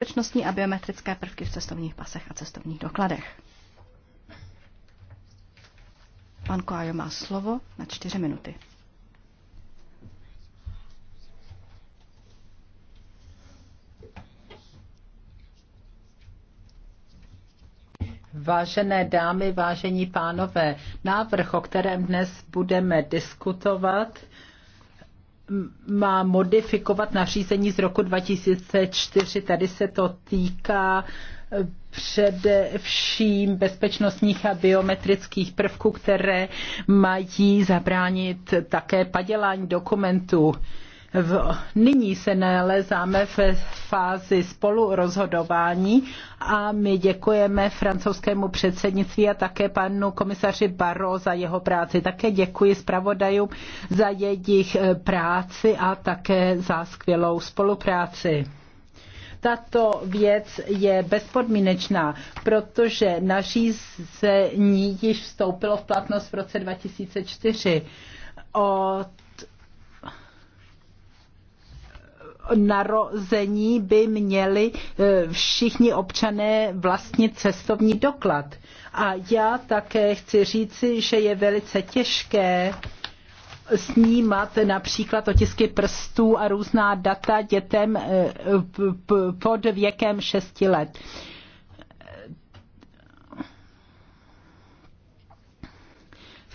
bezpečnostní a biometrické prvky v cestovních pasech a cestovních dokladech. Pan Koajo má slovo na čtyři minuty. Vážené dámy, vážení pánové, návrh, o kterém dnes budeme diskutovat, má modifikovat nařízení z roku 2004. Tady se to týká eh, především bezpečnostních a biometrických prvků, které mají zabránit také padělání dokumentů. V, nyní se nalezáme v fázi spolurozhodování a my děkujeme francouzskému předsednictví a také panu komisaři Baro za jeho práci. Také děkuji zpravodajům za jejich eh, práci a také za skvělou spolupráci tato věc je bezpodmínečná, protože nařízení již vstoupilo v platnost v roce 2004. O narození by měli e, všichni občané vlastně cestovní doklad. A já také chci říci, že je velice těžké snímat například otisky prstů a různá data dětem e, pod věkem 6 let.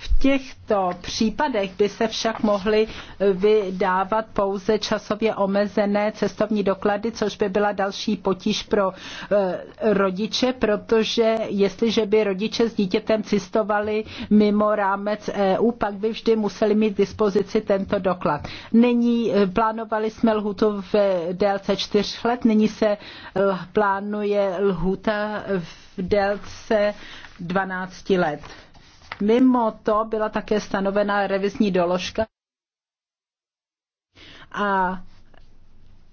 V těchto případech by se však mohly eh, vydávat pouze časově omezené cestovní doklady, což by byla další potíž pro eh, rodiče, protože jestliže by rodiče s dítětem cestovali mimo rámec EU, pak by vždy museli mít k dispozici tento doklad. Nyní eh, plánovali jsme lhutu v délce čtyř let, nyní se plánuje lhuta v délce 12 let. Mimo to byla také stanovena revizní doložka a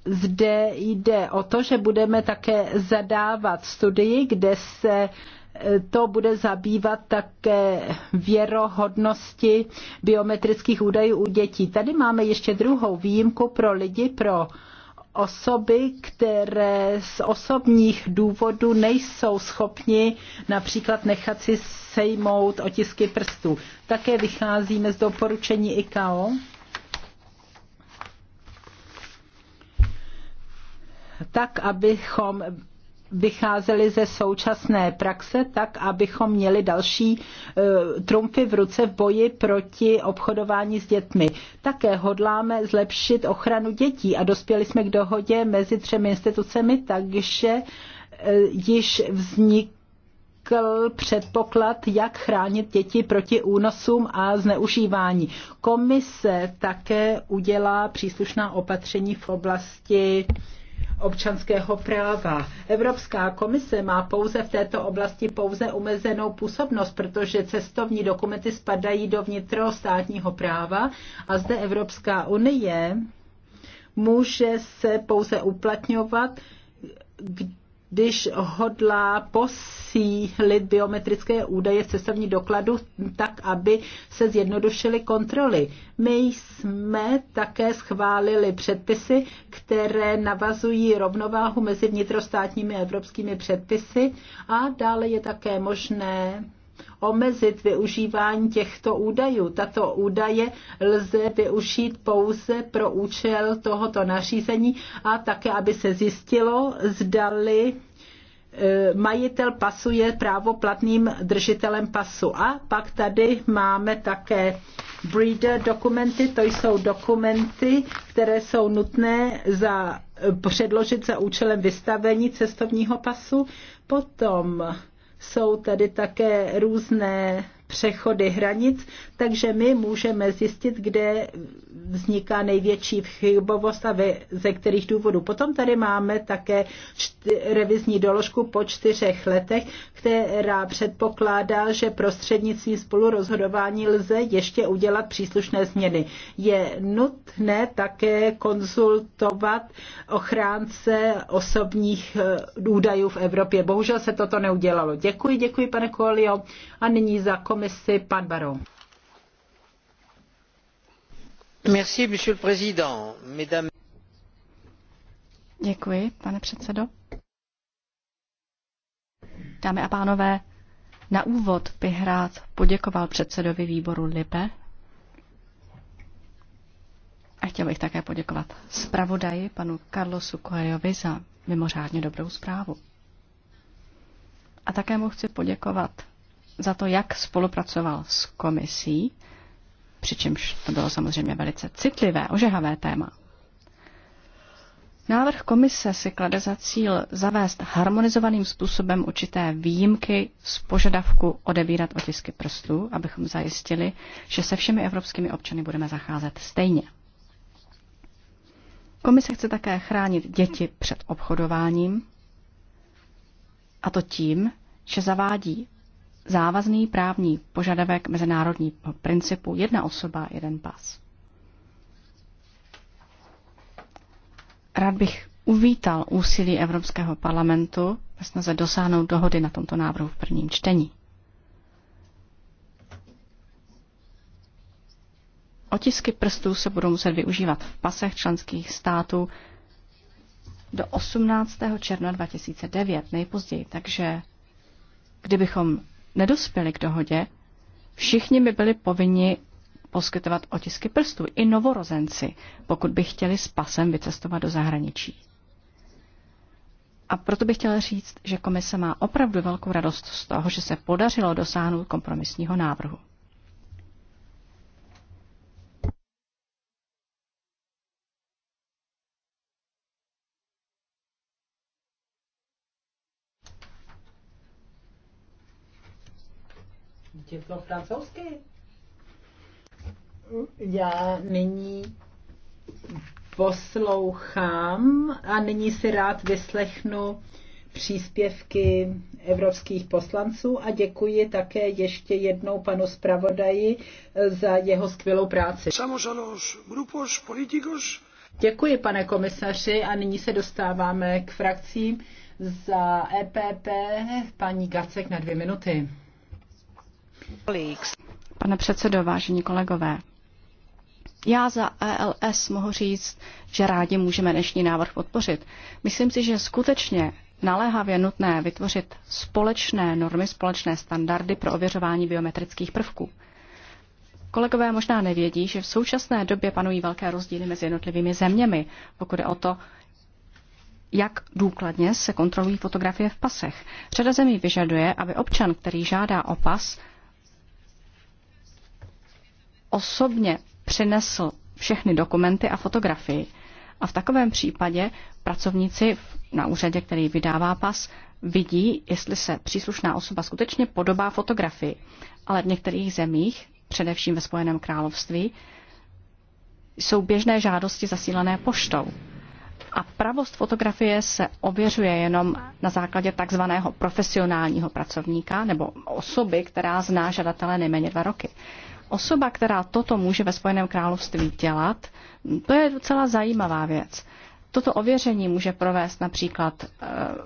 zde jde o to, že budeme také zadávat studii, kde se e, to bude zabývat také věrohodnosti biometrických údajů u dětí. Tady máme ještě druhou výjimku pro lidi, pro osoby, které z osobních důvodů nejsou schopni například nechat si sejmout otisky prstů. Také vycházíme z doporučení ICAO. tak, abychom vycházeli ze současné praxe tak, abychom měli další e, trumfy v ruce v boji proti obchodování s dětmi. Také hodláme zlepšit ochranu dětí a dospěli jsme k dohodě mezi třemi institucemi, takže e, již vznik vznikl předpoklad, jak chránit děti proti únosům a zneužívání. Komise také udělá příslušná opatření v oblasti občanského práva. Evropská komise má pouze v této oblasti pouze omezenou působnost, protože cestovní dokumenty spadají do vnitrostátního práva a zde Evropská unie může se pouze uplatňovat, když hodlá posílit biometrické údaje v cestovní dokladu tak, aby se zjednodušily kontroly. My jsme také schválili předpisy, které navazují rovnováhu mezi vnitrostátními a evropskými předpisy a dále je také možné omezit využívání těchto údajů. Tato údaje lze využít pouze pro účel tohoto nařízení a také, aby se zjistilo, zdali eh, majitel pasu je právoplatným držitelem pasu. A pak tady máme také breeder dokumenty, to jsou dokumenty, které jsou nutné za, eh, předložit za účelem vystavení cestovního pasu. Potom jsou tady také různé přechody hranic, takže my můžeme zjistit, kde vzniká největší chybovost a ze kterých důvodů. Potom tady máme také revizní doložku po čtyřech letech, která předpokládá, že prostřednictvím spolurozhodování lze ještě udělat příslušné změny. Je nutné také konzultovat ochránce osobních eh, údajů v Evropě. Bohužel se toto neudělalo. Děkuji, děkuji, pane Kolio. A nyní za komentář komisi pan Baron. Merci, monsieur le président. Mesdames... Děkuji, pane předsedo. Dámy a pánové, na úvod bych rád poděkoval předsedovi výboru LIBE a chtěl bych také poděkovat zpravodaji panu Carlosu Coelhovi za mimořádně dobrou zprávu. A také mu chci poděkovat za to, jak spolupracoval s komisí, přičemž to bylo samozřejmě velice citlivé, ožehavé téma. Návrh komise si klade za cíl zavést harmonizovaným způsobem určité výjimky z požadavku odebírat otisky prstů, abychom zajistili, že se všemi evropskými občany budeme zacházet stejně. Komise chce také chránit děti před obchodováním, a to tím, že zavádí závazný právní požadavek mezinárodní principu jedna osoba, jeden pas. Rád bych uvítal úsilí Evropského parlamentu ve snaze dosáhnout dohody na tomto návrhu v prvním čtení. Otisky prstů se budou muset využívat v pasech členských států do 18. června 2009 nejpozději, takže kdybychom nedospěli k dohodě, všichni by byli povinni poskytovat otisky prstů, i novorozenci, pokud by chtěli s pasem vycestovat do zahraničí. A proto bych chtěla říct, že komise má opravdu velkou radost z toho, že se podařilo dosáhnout kompromisního návrhu. číslo francouzsky. Já nyní poslouchám a nyní si rád vyslechnu příspěvky evropských poslanců a děkuji také ještě jednou panu zpravodaji eh, za jeho skvělou práci. Děkuji, pane komisaři, a nyní se dostáváme k frakcím za EPP paní Gacek na dvě minuty. Pane předsedo, vážení kolegové, já za ELS mohu říct, že rádi můžeme dnešní návrh podpořit. Myslím si, že skutečně naléhavě nutné vytvořit společné normy, společné standardy pro ověřování biometrických prvků. Kolegové možná nevědí, že v současné době panují velké rozdíly mezi jednotlivými zeměmi, pokud je o to, jak důkladně se kontrolují fotografie v pasech. Řada zemí vyžaduje, aby občan, který žádá o pas, osobně přinesl všechny dokumenty a fotografii. A v takovém případě pracovníci na úřadě, který vydává pas, vidí, jestli se příslušná osoba skutečně podobá fotografii. Ale v některých zemích, především ve Spojeném království, jsou běžné žádosti zasílané poštou. A pravost fotografie se ověřuje jenom na základě takzvaného profesionálního pracovníka nebo osoby, která zná žadatele nejméně dva roky osoba, která toto může ve Spojeném království dělat, to je docela zajímavá věc. Toto ověření může provést například e,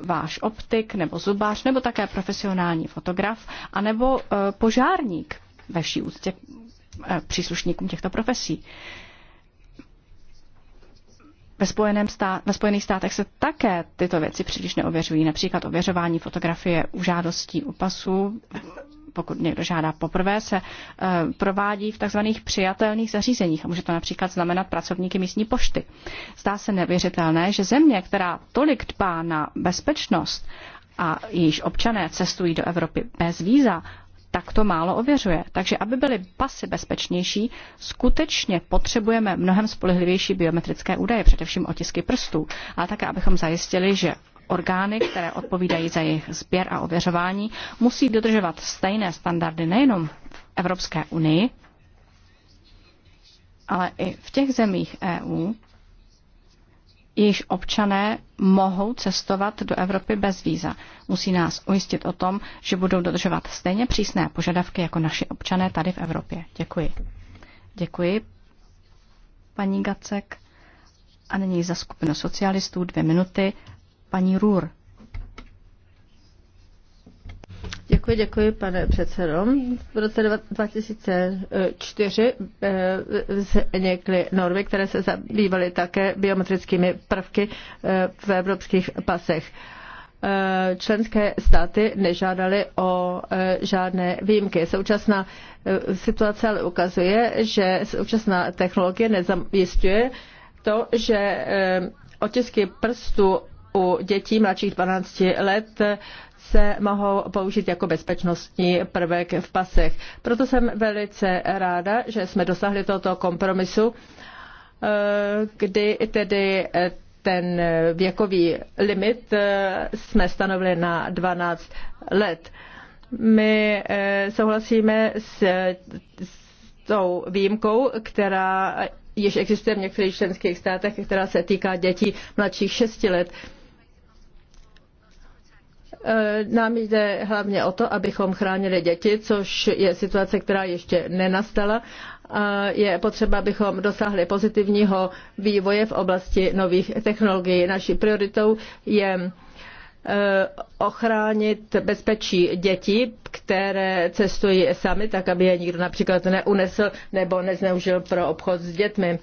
váš optik nebo zubář, nebo také profesionální fotograf, anebo e, požárník ve vší úctě e, příslušníkům těchto profesí. Ve, Spojeném stát, ve Spojených státech se také tyto věci příliš neověřují, například ověřování fotografie u žádostí u pasu pokud někdo žádá poprvé, se eh, provádí v tzv. přijatelných zařízeních. A může to například znamenat pracovníky místní pošty. Zdá se nevěřitelné, že země, která tolik dbá na bezpečnost a již občané cestují do Evropy bez víza, tak to málo ověřuje. Takže aby byly pasy bezpečnější, skutečně potřebujeme mnohem spolehlivější biometrické údaje, především otisky prstů, ale také abychom zajistili, že orgány, které odpovídají za jejich sběr a ověřování, musí dodržovat stejné standardy nejenom v Evropské unii, ale i v těch zemích EU, jejichž občané mohou cestovat do Evropy bez víza. Musí nás ujistit o tom, že budou dodržovat stejně přísné požadavky jako naši občané tady v Evropě. Děkuji. Děkuji, paní Gacek. A nyní za skupinu socialistů dvě minuty Paní Rur. Děkuji, děkuji, pane předsedo. V roce 2004 eh, vznikly normy, které se zabývaly také biometrickými prvky eh, v evropských pasech eh, členské státy nežádaly o žádné výjimky. Současná situace ale ukazuje, že současná technologie nezajistuje to, že otisky prstů u dětí mladších 12 let se mohou použít jako bezpečnostní prvek v pasech. Proto jsem velice ráda, že jsme dosáhli tohoto kompromisu, eh, kdy tedy eh, ten věkový limit eh, jsme stanovili na 12 let. My souhlasíme s, s tou výjimkou, která již existuje v některých členských státech, která se týká dětí mladších 6 let. Eh, nám jde hlavně o to, abychom chránili děti, což je situace, která ještě nenastala. Eh, je potřeba, abychom dosáhli pozitivního vývoje v oblasti nových technologií. Naší prioritou je eh, ochránit bezpečí dětí, které cestují sami, tak aby je nikdo například neunesl nebo nezneužil pro obchod s dětmi.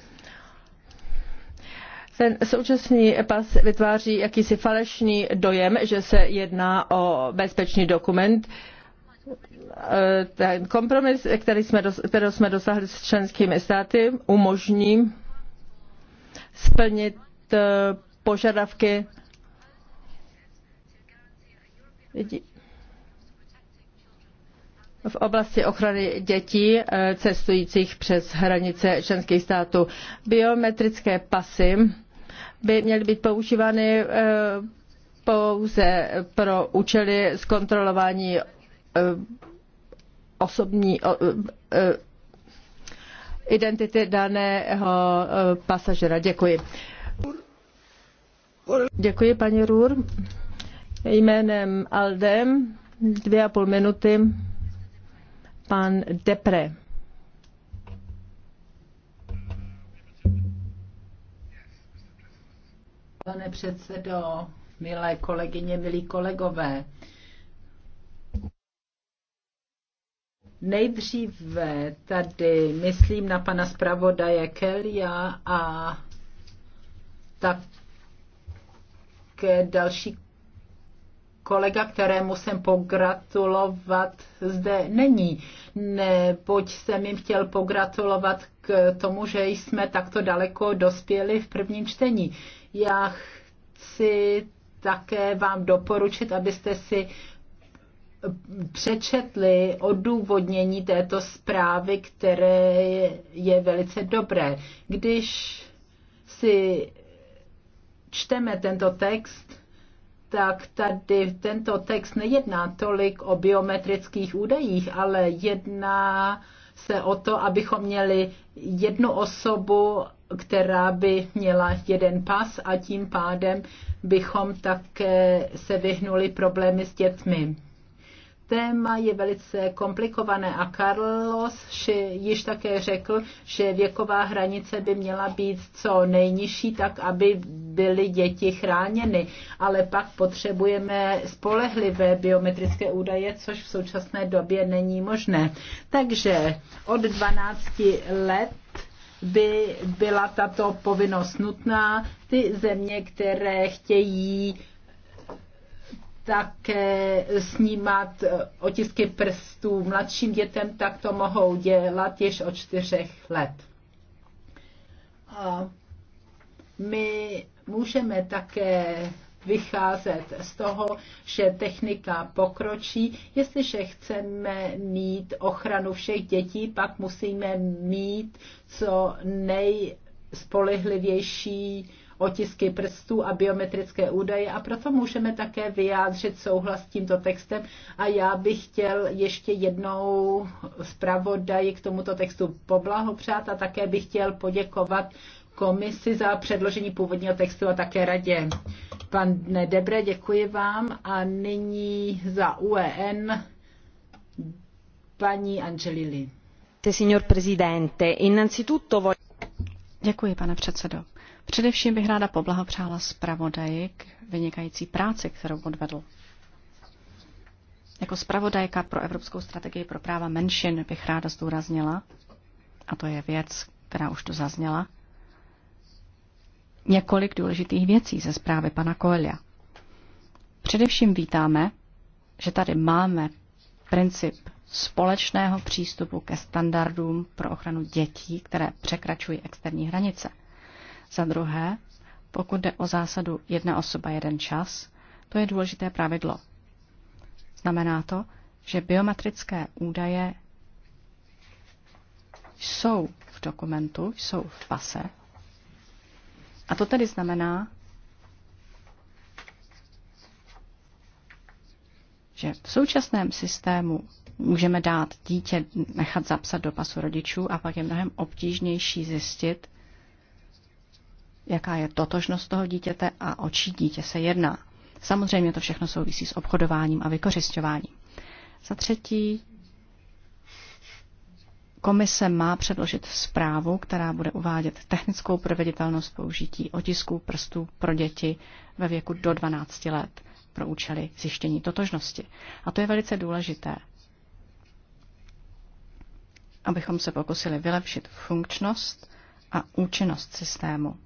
Ten současný pas vytváří jakýsi falešný dojem, že se jedná o bezpečný dokument. Ten kompromis, který jsme, kterého jsme dosáhli s členskými státy, umožní splnit eh, požadavky v oblasti ochrany dětí eh, cestujících přes hranice členských států. Biometrické pasy by měly být používány eh, pouze pro účely zkontrolování eh, osobní eh, identity daného pasažera. Děkuji. Děkuji, paní Rur. Jménem Aldem dvě a půl minuty pan Depre. pane předsedo, milé kolegyně, milí kolegové. Nejdříve tady myslím na pana zpravodaje Kelia a také další kolega, kterému jsem pogratulovat, zde není. Neboť jsem jim chtěl pogratulovat k tomu, že jsme takto daleko dospěli v prvním čtení. Já chci také vám doporučit, abyste si přečetli odůvodnění této zprávy, které je velice dobré. Když si čteme tento text, tak tady tento text nejedná tolik o biometrických údajích, ale jedná se o to, abychom měli jednu osobu, která by měla jeden pas a tím pádem bychom také se vyhnuli problémy s dětmi téma je velice komplikované a Carlos již také řekl, že věková hranice by měla být co nejnižší, tak aby byly děti chráněny, ale pak potřebujeme spolehlivé biometrické údaje, což v současné době není možné. Takže od 12 let by byla tato povinnost nutná. Ty země, které chtějí také snímat eh, otisky prstů mladším dětem, tak to mohou dělat již od čtyřech let. A my můžeme také vycházet z toho, že technika pokročí. Jestliže chceme mít ochranu všech dětí, pak musíme mít co nejspolehlivější otisky prstů a biometrické údaje a proto můžeme také vyjádřit souhlas s tímto textem a já bych chtěl ještě jednou zpravodaji k tomuto textu poblahopřát a také bych chtěl poděkovat komisi za předložení původního textu a také radě. Pan Debre, děkuji vám a nyní za UEN paní Angelili. Děkuji, pane předsedo. Především bych ráda poblahopřála zpravodaji k vynikající práci, kterou odvedl. Jako zpravodajka pro Evropskou strategii pro práva menšin bych ráda zdůraznila, a to je věc, která už tu zazněla, několik důležitých věcí ze zprávy pana Koelia. Především vítáme, že tady máme princip společného přístupu ke standardům pro ochranu dětí, které překračují externí hranice – za druhé, pokud jde o zásadu jedna osoba, jeden čas, to je důležité pravidlo. Znamená to, že biometrické údaje jsou v dokumentu, jsou v pase. A to tedy znamená, že v současném systému můžeme dát dítě nechat zapsat do pasu rodičů a pak je mnohem obtížnější zjistit, jaká je totožnost toho dítěte a o čí dítě se jedná. Samozřejmě to všechno souvisí s obchodováním a vykořišťováním. Za třetí, komise má předložit zprávu, která bude uvádět technickou proveditelnost použití otisků prstů pro děti ve věku do 12 let pro účely zjištění totožnosti. A to je velice důležité, abychom se pokusili vylepšit funkčnost a účinnost systému.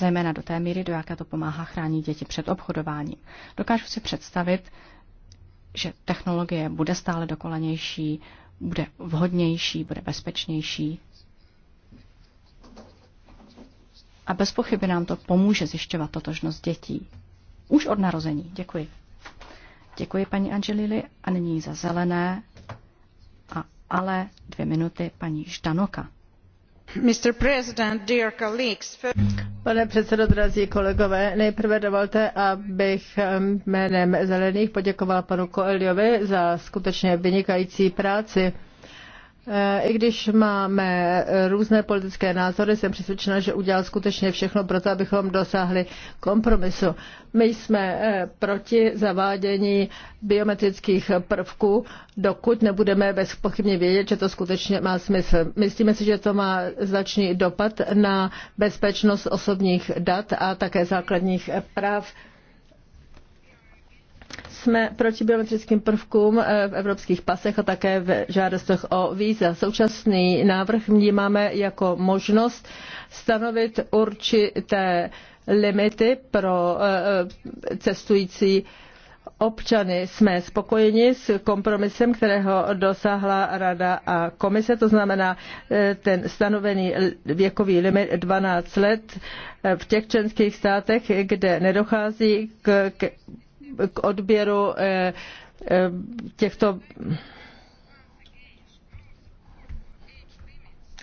zejména do té míry, do jaké to pomáhá chránit děti před obchodováním. Dokážu si představit, že technologie bude stále dokolenější, bude vhodnější, bude bezpečnější. A bez pochyby nám to pomůže zjišťovat totožnost dětí. Už od narození. Děkuji. Děkuji paní Angelili a nyní za zelené a ale dvě minuty paní Ždanoka pane předsedo nejprve dovolte abych jménem zelených poděkovala panu coelhovi za skutečně vynikající práci. Eh, I když máme eh, různé politické názory, jsem přesvědčena, že udělal skutečně všechno pro to, abychom dosáhli kompromisu. My jsme eh, proti zavádění biometrických prvků, dokud nebudeme bezpochybně vědět, že to skutečně má smysl. Myslíme si, že to má značný dopad na bezpečnost osobních dat a také základních práv jsme proti biometrickým prvkům eh, v evropských pasech a také v žádostech o víza. Současný návrh vnímáme jako možnost stanovit určité limity pro eh, eh, cestující občany jsme spokojeni s kompromisem, kterého dosáhla Rada a komise, to znamená ten stanovený věkový limit 12 let v těch členských státech, kde nedochází k, k k odběru eh, eh, těchto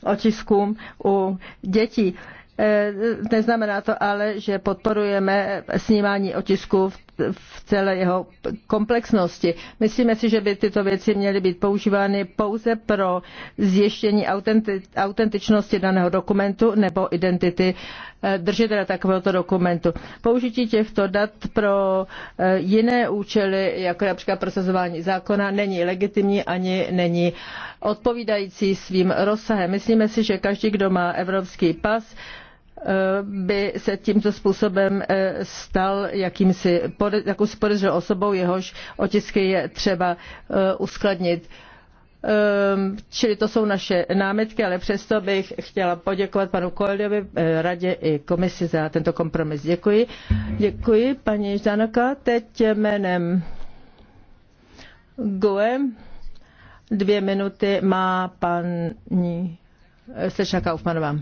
otiskům u dětí. Eh, neznamená to ale, že podporujeme snímání otisků v v celé jeho komplexnosti. Myslíme si, že by tyto věci měly být používány pouze pro zjištění autenti- autentičnosti daného dokumentu nebo identity eh, držitele takovéhoto dokumentu. Použití těchto dat pro eh, jiné účely, jako například prosazování zákona, není legitimní ani není odpovídající svým rozsahem. Myslíme si, že každý, kdo má evropský pas, by se tímto způsobem eh, stal jakýmsi jakousi podezřelou osobou, jehož otisky je třeba eh, uskladnit. Ehm, čili to jsou naše námitky, ale přesto bych chtěla poděkovat panu Koeliovi, eh, radě i komisi za tento kompromis. Děkuji. Děkuji, paní Ždanoka. Teď jménem GUE dvě minuty má paní Slečna Kaufmanová.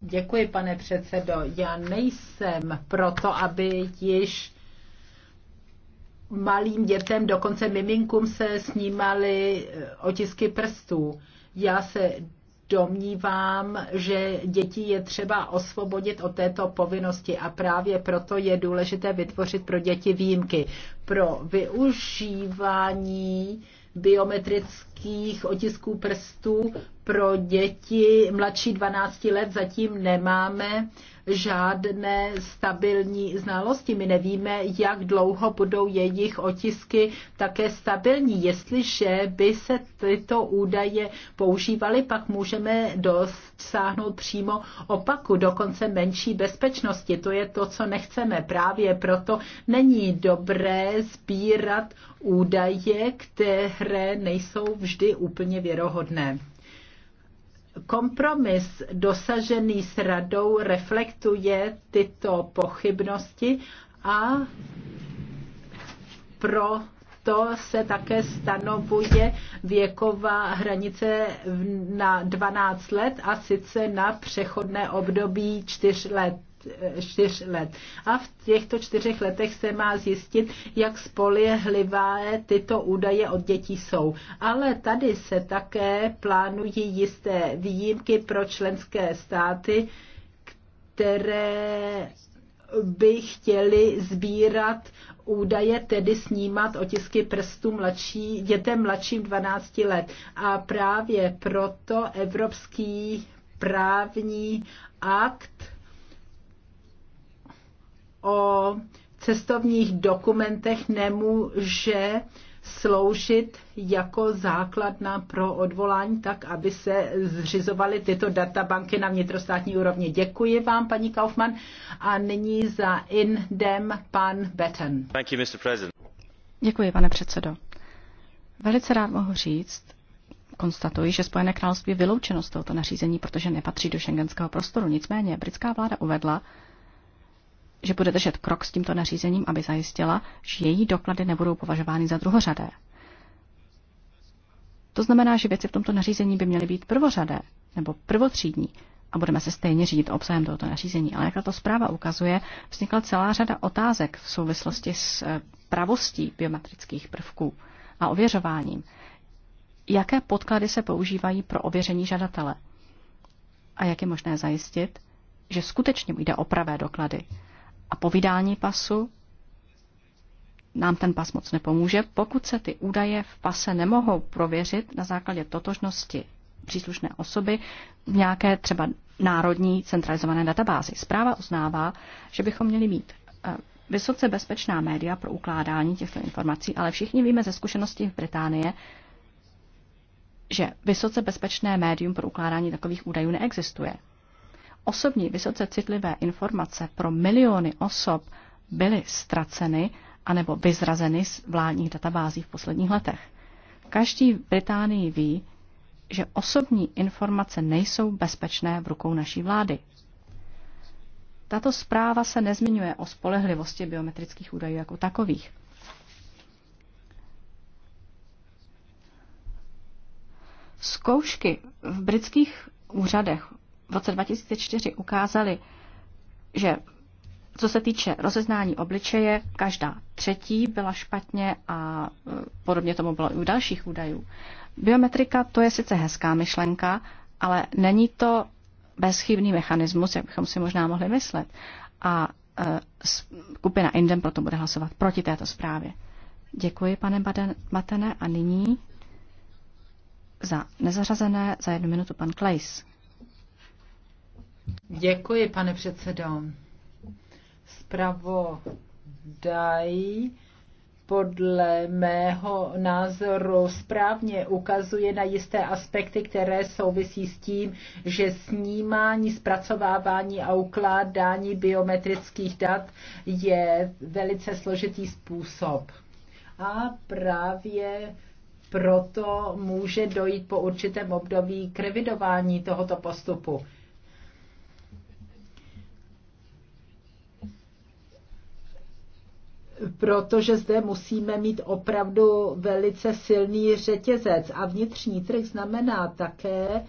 Děkuji, pane předsedo. Já nejsem proto, aby již malým dětem, dokonce miminkům se snímaly eh, otisky prstů. Já se domnívám, že děti je třeba osvobodit od této povinnosti a právě proto je důležité vytvořit pro děti výjimky pro využívání biometrických genetických otisků prstů pro děti mladší 12 let zatím nemáme žádné stabilní znalosti. My nevíme, jak dlouho budou jejich otisky také stabilní. Jestliže by se tyto údaje používaly, pak můžeme dosáhnout přímo opaku, dokonce menší bezpečnosti. To je to, co nechceme. Právě proto není dobré sbírat údaje, které nejsou v vždy úplně věrohodné. Kompromis dosažený s radou reflektuje tyto pochybnosti a pro to se také stanovuje věková hranice na 12 let a sice na přechodné období 4 let čtyř let. A v těchto čtyřech letech se má zjistit, jak spolehlivé tyto údaje od dětí jsou. Ale tady se také plánují jisté výjimky pro členské státy, které by chtěli sbírat údaje, tedy snímat otisky prstů mladší, dětem mladším 12 let. A právě proto Evropský právní akt o cestovních dokumentech nemůže sloužit jako základna pro odvolání, tak aby se zřizovaly tyto databanky na vnitrostátní úrovni. Děkuji vám, paní Kaufmann. A nyní za INDEM pan Betten. Děkuji, pane předsedo. Velice rád mohu říct, konstatuji, že Spojené království vyloučeno z tohoto nařízení, protože nepatří do šengenského prostoru. Nicméně britská vláda uvedla, že bude držet krok s tímto nařízením, aby zajistila, že její doklady nebudou považovány za druhořadé. To znamená, že věci v tomto nařízení by měly být prvořadé nebo prvotřídní a budeme se stejně řídit obsahem tohoto nařízení. Ale jak tato zpráva ukazuje, vznikla celá řada otázek v souvislosti s eh, pravostí biometrických prvků a ověřováním. Jaké podklady se používají pro ověření žadatele? A jak je možné zajistit, že skutečně jde o pravé doklady? a po vydání pasu nám ten pas moc nepomůže, pokud se ty údaje v pase nemohou prověřit na základě totožnosti příslušné osoby v nějaké třeba národní centralizované databázi. Zpráva uznává, že bychom měli mít eh, vysoce bezpečná média pro ukládání těchto informací, ale všichni víme ze zkušeností v Británie, že vysoce bezpečné médium pro ukládání takových údajů neexistuje osobní vysoce citlivé informace pro miliony osob byly ztraceny anebo vyzrazeny z vládních databází v posledních letech. Každý v Británii ví, že osobní informace nejsou bezpečné v rukou naší vlády. Tato zpráva se nezmiňuje o spolehlivosti biometrických údajů jako takových. Zkoušky v britských úřadech v roce 2004 ukázali, že co se týče rozeznání obličeje, každá třetí byla špatně a e, podobně tomu bylo i u dalších údajů. Biometrika to je sice hezká myšlenka, ale není to bezchybný mechanismus, jak bychom si možná mohli myslet. A e, skupina Indem proto bude hlasovat proti této zprávě. Děkuji, pane Matene, a nyní za nezařazené za jednu minutu pan Klejs. Děkuji, pane předsedo. Spravodaj podle mého názoru správně ukazuje na jisté aspekty, které souvisí s tím, že snímání, zpracovávání a ukládání biometrických dat je velice složitý způsob. A právě proto může dojít po určitém období k revidování tohoto postupu. protože zde musíme mít opravdu velice silný řetězec. A vnitřní trh znamená také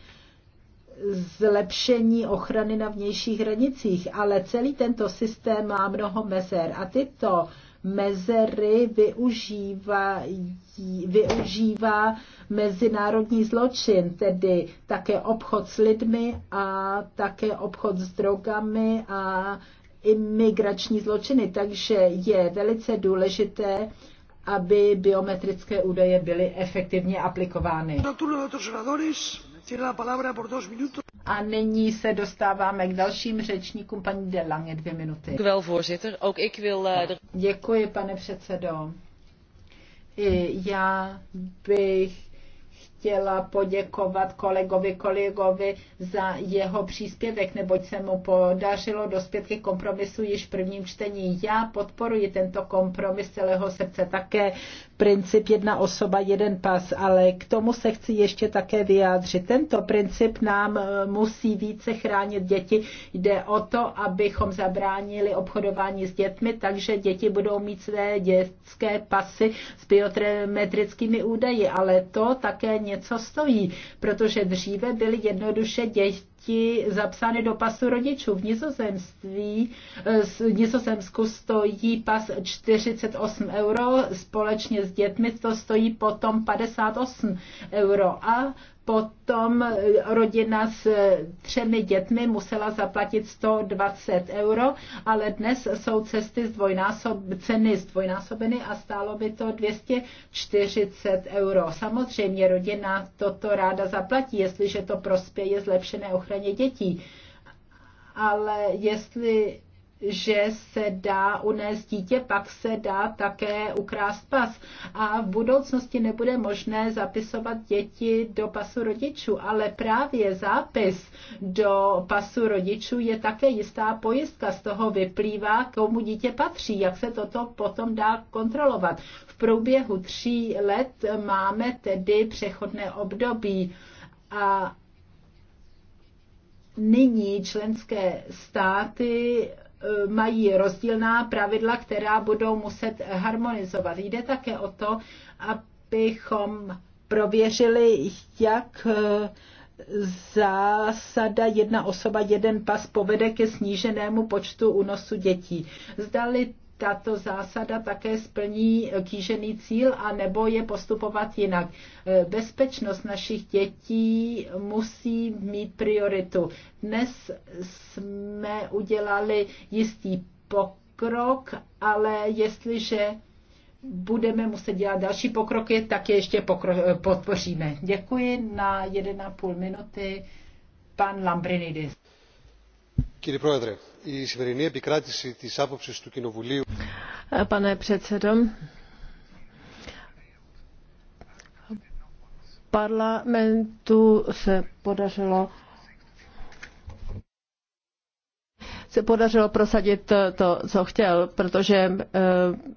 zlepšení ochrany na vnějších hranicích, ale celý tento systém má mnoho mezer a tyto mezery využívá, využívá mezinárodní zločin, tedy také obchod s lidmi a také obchod s drogami a imigrační zločiny, takže je velice důležité, aby biometrické údaje byly efektivně aplikovány. A nyní se dostáváme k dalším řečníkům, paní De Lange, dvě minuty. Eh, Děkuji, pane předsedo. já bych chtěla poděkovat kolegovi kolegovi za jeho příspěvek, neboť se mu podařilo dospět ke kompromisu již v prvním čtení. Já podporuji tento kompromis celého srdce také princip jedna osoba, jeden pas, ale k tomu se chci ještě také vyjádřit. Tento princip nám eh, musí více chránit děti. Jde o to, abychom zabránili obchodování s dětmi, takže děti budou mít své dětské pasy s biometrickými údaji, ale to také něco stojí, protože dříve byly jednoduše děti děti zapsány do pasu rodičů. V Nizozemství, eh, v Nizozemsku stojí pas 48 euro, společně s dětmi to stojí potom 58 euro a potom eh, rodina s eh, třemi dětmi musela zaplatit 120 euro, ale dnes jsou cesty zdvojnásob, ceny zdvojnásobeny a stálo by to 240 euro. Samozřejmě rodina toto ráda zaplatí, jestliže to prospěje zlepšené ochraně dětí. Ale jestli že se dá unést dítě, pak se dá také ukrást pas. A v budoucnosti nebude možné zapisovat děti do pasu rodičů, ale právě zápis do pasu rodičů je také jistá pojistka. Z toho vyplývá, komu dítě patří, jak se toto potom dá kontrolovat. V průběhu tří let máme tedy přechodné období. A nyní členské státy Eh, mají rozdílná pravidla, která budou muset harmonizovat. Jde také o to, abychom prověřili, jak eh, zásada jedna osoba, jeden pas povede ke sníženému počtu unosu dětí. Zdali tato zásada také splní kýžený cíl a nebo je postupovat jinak. Bezpečnost našich dětí musí mít prioritu. Dnes jsme udělali jistý pokrok, ale jestliže budeme muset dělat další pokroky, tak je ještě pokro- podpoříme. Děkuji na 1,5 minuty pan Lambrinidis. Pane předsedo, parlamentu se podařilo se podařilo prosadit to, co chtěl, protože eh,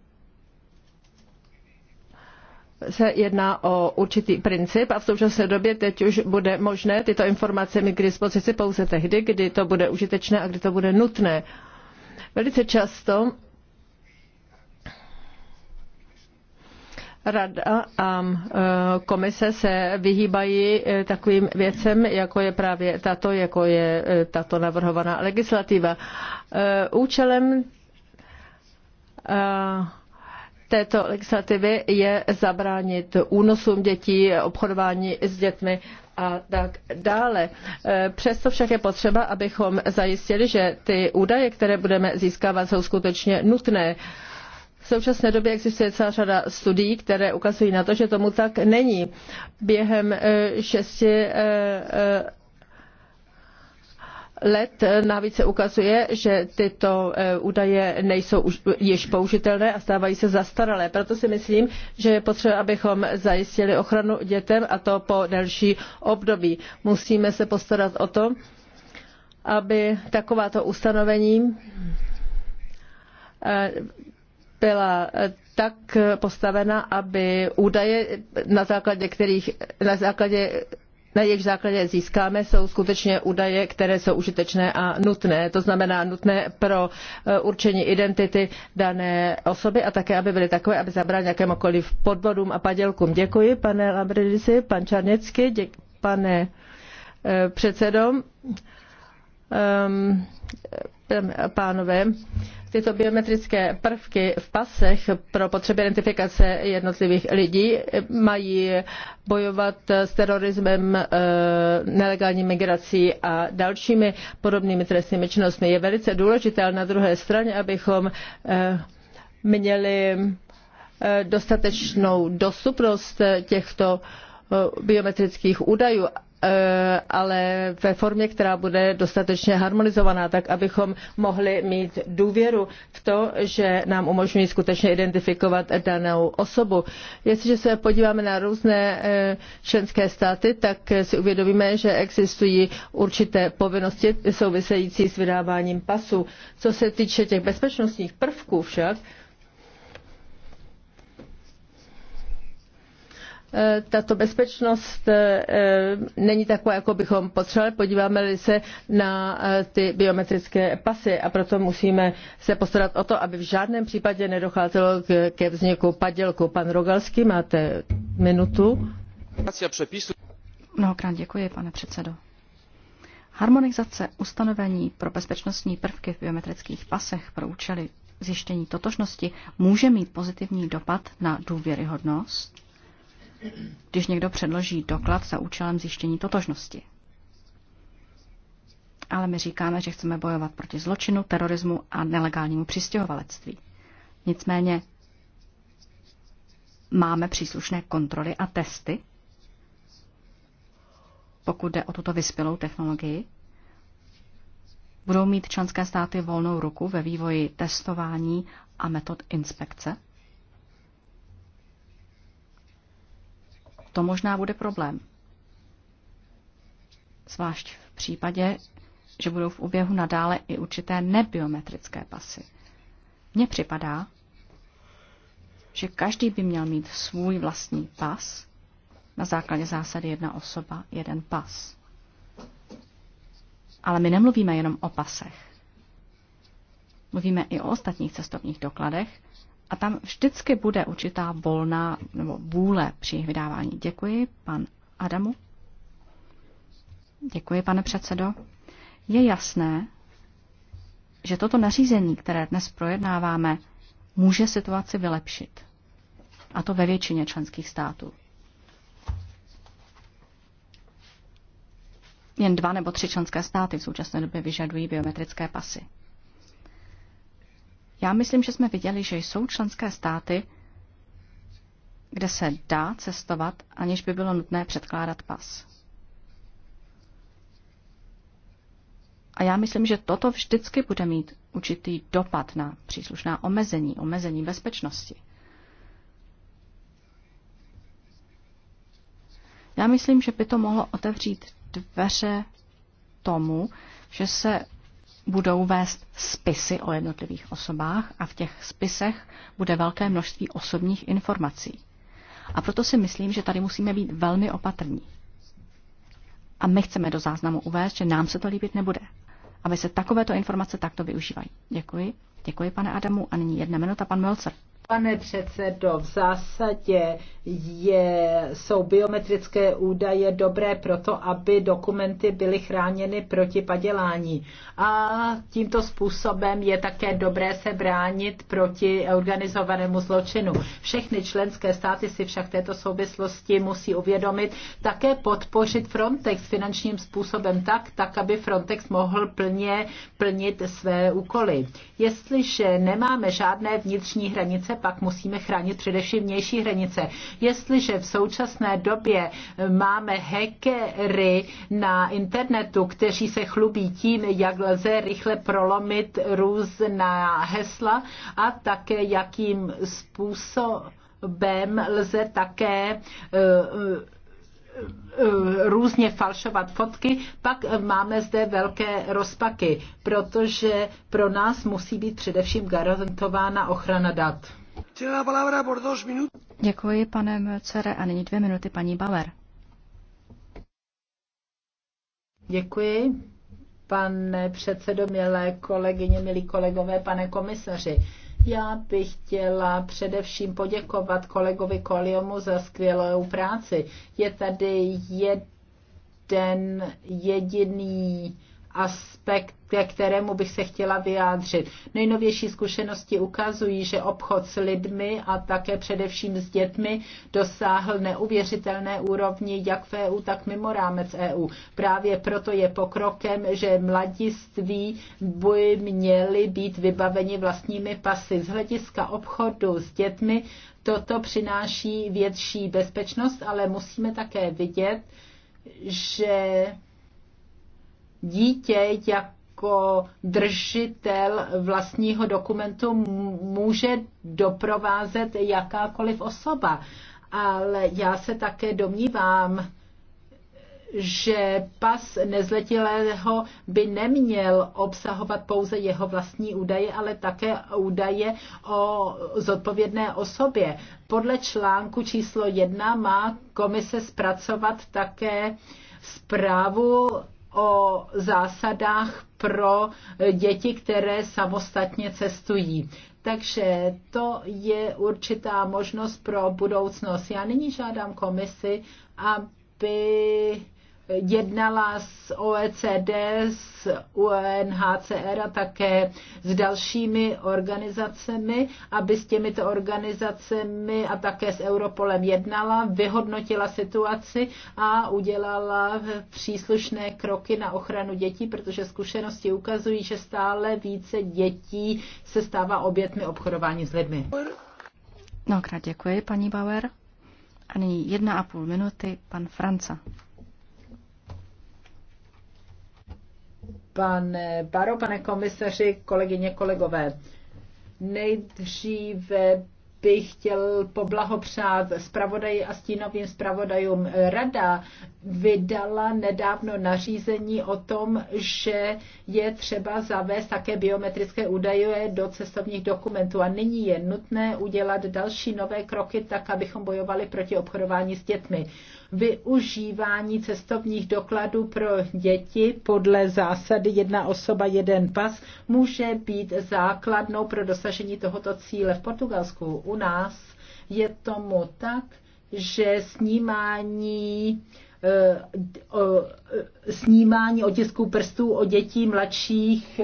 se jedná o určitý princip a v současné době teď už bude možné tyto informace mít k dispozici pouze tehdy, kdy to bude užitečné a kdy to bude nutné. Velice často Rada a e, komise se vyhýbají e, takovým věcem, jako je právě tato, jako je e, tato navrhovaná legislativa. Účelem této legislativy je zabránit únosům dětí, obchodování s dětmi a tak dále. E, přesto však je potřeba, abychom zajistili, že ty údaje, které budeme získávat, jsou skutečně nutné. V současné době existuje celá řada studií, které ukazují na to, že tomu tak není. Během e, šesti e, let navíc se ukazuje, že tyto eh, údaje nejsou již použitelné a stávají se zastaralé. Proto si myslím, že je potřeba, abychom zajistili ochranu dětem a to po delší období. Musíme se postarat o to, aby takováto ustanovení eh, byla eh, tak postavena, aby údaje, na základě, kterých, na základě na jejich základě získáme, jsou skutečně údaje, které jsou užitečné a nutné. To znamená nutné pro eh, určení identity dané osoby a také, aby byly takové, aby zabrali jakémukoliv podvodům a padělkům. Děkuji, pane Lambridisi, pan Čarněcky, děk, pane eh, předsedo. Um, pánové, tyto biometrické prvky v pasech pro potřeby identifikace jednotlivých lidí mají bojovat s terorismem, eh, nelegální migrací a dalšími podobnými trestnými činnostmi. Je velice důležité, ale na druhé straně, abychom eh, měli eh, dostatečnou dostupnost těchto biometrických údajů Eh, ale ve formě, která bude dostatečně harmonizovaná, tak abychom mohli mít důvěru v to, že nám umožňují skutečně identifikovat danou osobu. Jestliže se podíváme na různé eh, členské státy, tak si uvědomíme, že existují určité povinnosti související s vydáváním pasu. Co se týče těch bezpečnostních prvků však, Eh, tato bezpečnost eh, eh, není taková, jako bychom potřebovali. Podíváme-li se na ty biometrické pasy a proto musíme se postarat o to, aby v žádném případě nedocházelo ke vzniku padělku. Pan Rogalský, máte minutu. Mnohokrát děkuji, pane předsedo. Harmonizace ustanovení pro bezpečnostní prvky v biometrických pasech pro účely zjištění totožnosti může mít pozitivní dopad na důvěryhodnost když někdo předloží doklad za účelem zjištění totožnosti. Ale my říkáme, že chceme bojovat proti zločinu, terorismu a nelegálnímu přistěhovalectví. Nicméně máme příslušné kontroly a testy, pokud jde o tuto vyspělou technologii. Budou mít členské státy volnou ruku ve vývoji testování a metod inspekce? to možná bude problém. Zvlášť v případě, že budou v oběhu nadále i určité nebiometrické pasy. Mně připadá, že každý by měl mít svůj vlastní pas na základě zásady jedna osoba, jeden pas. Ale my nemluvíme jenom o pasech. Mluvíme i o ostatních cestovních dokladech, a tam vždycky bude určitá volná nebo vůle při vydávání. Děkuji, pan Adamu. Děkuji, pane předsedo. Je jasné, že toto nařízení, které dnes projednáváme, může situaci vylepšit. A to ve většině členských států. Jen dva nebo tři členské státy v současné době vyžadují biometrické pasy. Já myslím, že jsme viděli, že jsou členské státy, kde se dá cestovat, aniž by bylo nutné předkládat pas. A já myslím, že toto vždycky bude mít určitý dopad na příslušná omezení, omezení bezpečnosti. Já myslím, že by to mohlo otevřít dveře tomu, že se budou vést spisy o jednotlivých osobách a v těch spisech bude velké množství osobních informací. A proto si myslím, že tady musíme být velmi opatrní. A my chceme do záznamu uvést, že nám se to líbit nebude. Aby se takovéto informace takto využívají. Děkuji. Děkuji, pane Adamu. A nyní jedna minuta, pan Melcer. Pane předsedo, v zásadě je, jsou biometrické údaje dobré proto, aby dokumenty byly chráněny proti padělání. A tímto způsobem je také dobré se bránit proti organizovanému zločinu. Všechny členské státy si však této souvislosti musí uvědomit, také podpořit Frontex finančním způsobem tak, tak, aby Frontex mohl plně plnit své úkoly. Jestliže nemáme žádné vnitřní hranice, se pak musíme chránit především vnější hranice. Jestliže v současné době máme hackery na internetu, kteří se chlubí tím, jak lze rychle prolomit různá hesla a také jakým způsobem lze také eh, eh, různě falšovat fotky, pak máme zde velké rozpaky, protože pro nás musí být především garantována ochrana dat. Děkuji, pane Mölcere, a nyní dvě minuty paní Bauer. Děkuji, pane předsedo, milé kolegyně, milí kolegové, pane komisaři. Já bych chtěla především poděkovat kolegovi Koliomu za skvělou práci. Je tady jeden jediný aspekt, ke kterému bych se chtěla vyjádřit. Nejnovější zkušenosti ukazují, že obchod s lidmi a také především s dětmi dosáhl neuvěřitelné úrovni jak v EU, tak mimo rámec EU. Právě proto je pokrokem, že mladiství by měli být vybaveni vlastními pasy. Z hlediska obchodu s dětmi toto přináší větší bezpečnost, ale musíme také vidět, že dítě jako držitel vlastního dokumentu může doprovázet jakákoliv osoba. Ale já se také domnívám, že pas nezletilého by neměl obsahovat pouze jeho vlastní údaje, ale také údaje o zodpovědné osobě. Podle článku číslo jedna má komise zpracovat také zprávu o zásadách pro děti, které samostatně cestují. Takže to je určitá možnost pro budoucnost. Já nyní žádám komisi, aby jednala s OECD, s UNHCR e a také s dalšími organizacemi, aby s těmito organizacemi a také s Europolem jednala, vyhodnotila situaci a udělala příslušné kroky na ochranu dětí, protože zkušenosti ukazují, že stále více dětí se stává obětmi obchodování s lidmi. Mnohokrát děkuji, paní Bauer. A nyní jedna a půl minuty, pan Franca. pane Baro, pane komisaři, kolegyně, kolegové. Nejdříve bych chtěl poblahopřát zpravodaji a stínovým zpravodajům. Rada vydala nedávno nařízení o tom, že je třeba zavést také biometrické údaje do cestovních dokumentů a nyní je nutné udělat další nové kroky tak, abychom bojovali proti obchodování s dětmi. Využívání cestovních dokladů pro děti podle zásady jedna osoba, jeden pas může být základnou pro dosažení tohoto cíle v Portugalsku u nás je tomu tak, že snímání Eh, snímání otisků prstů o dětí mladších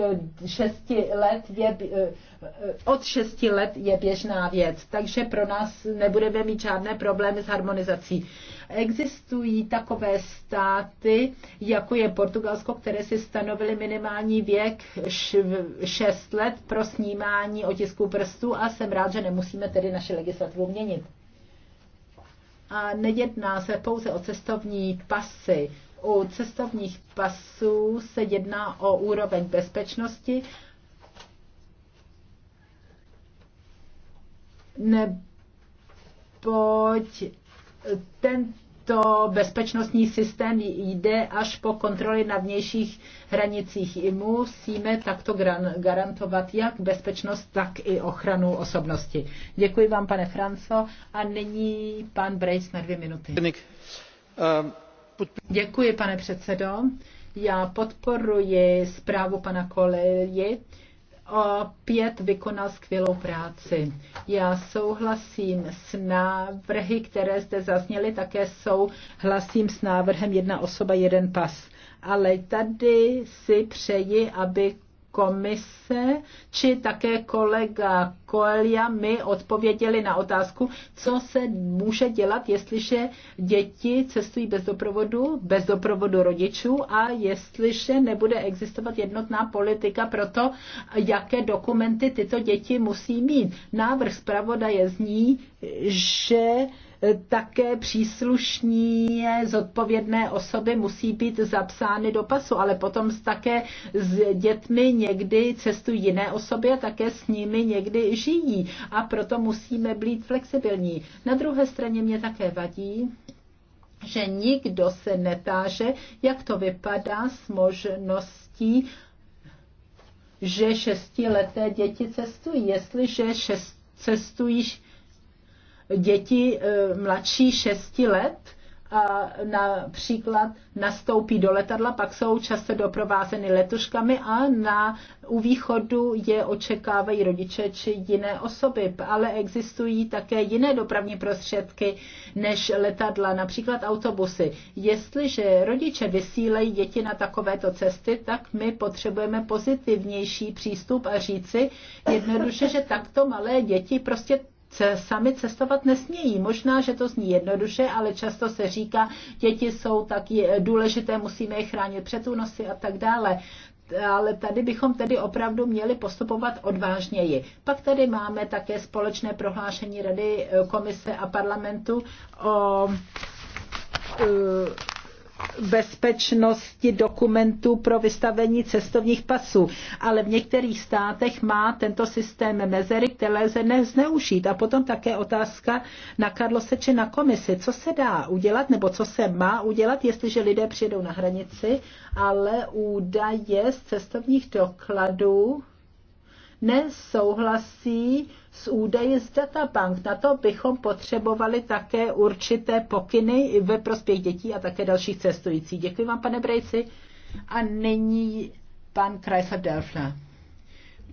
6 eh, let je, eh, od 6 let je běžná věc, takže pro nás nebudeme mít žádné problémy s harmonizací. Existují takové státy, jako je Portugalsko, které si stanovily minimální věk 6 let pro snímání otisků prstů a jsem rád, že nemusíme tedy naše legislativu měnit a nejedná se pouze o cestovní pasy. U cestovních pasů se jedná o úroveň bezpečnosti neboť ten tento bezpečnostní systém jde až po kontroly na vnějších hranicích. I musíme takto garantovat jak bezpečnost, tak i ochranu osobnosti. Děkuji vám, pane Franco. A nyní pan Brace na dvě minuty. Ehm, Děkuji, pane předsedo. Já podporuji zprávu pana Koleji opět vykonal skvělou práci. Já souhlasím s návrhy, které zde zazněly, také souhlasím s návrhem jedna osoba, jeden pas. Ale tady si přeji, aby komise či také kolega Koelia mi odpověděli na otázku, co se může dělat, jestliže děti cestují bez doprovodu, bez doprovodu rodičů a jestliže nebude existovat jednotná politika pro to, jaké dokumenty tyto děti musí mít. Návrh zpravodaje zní, že také příslušní zodpovědné osoby musí být zapsány do pasu, ale potom také s dětmi někdy cestují jiné osoby a také s nimi někdy žijí a proto musíme být flexibilní. Na druhé straně mě také vadí, že nikdo se netáže, jak to vypadá s možností, že šestileté děti cestují. Jestliže šest, cestují děti eh, mladší 6 let a například nastoupí do letadla, pak jsou často doprovázeny letuškami a na, u východu je očekávají rodiče či jiné osoby. Ale existují také jiné dopravní prostředky než letadla, například autobusy. Jestliže rodiče vysílejí děti na takovéto cesty, tak my potřebujeme pozitivnější přístup a říci jednoduše, že takto malé děti prostě sami cestovat nesmějí. Možná, že to zní jednoduše, ale často se říká, děti jsou taky důležité, musíme je chránit před únosy a tak dále ale tady bychom tedy opravdu měli postupovat odvážněji. Pak tady máme také společné prohlášení Rady eh, komise a parlamentu o eh, bezpečnosti dokumentů pro vystavení cestovních pasů. Ale v některých státech má tento systém mezery, které lze nezneužít. A potom také otázka na Karlose či na komisi. Co se dá udělat nebo co se má udělat, jestliže lidé přijedou na hranici, ale údaje z cestovních dokladů nesouhlasí z údaje z databank. Na to bychom potřebovali také určité pokyny ve prospěch dětí a také dalších cestujících. Děkuji vám, pane Brejci. A nyní pan Kreisler Delfler.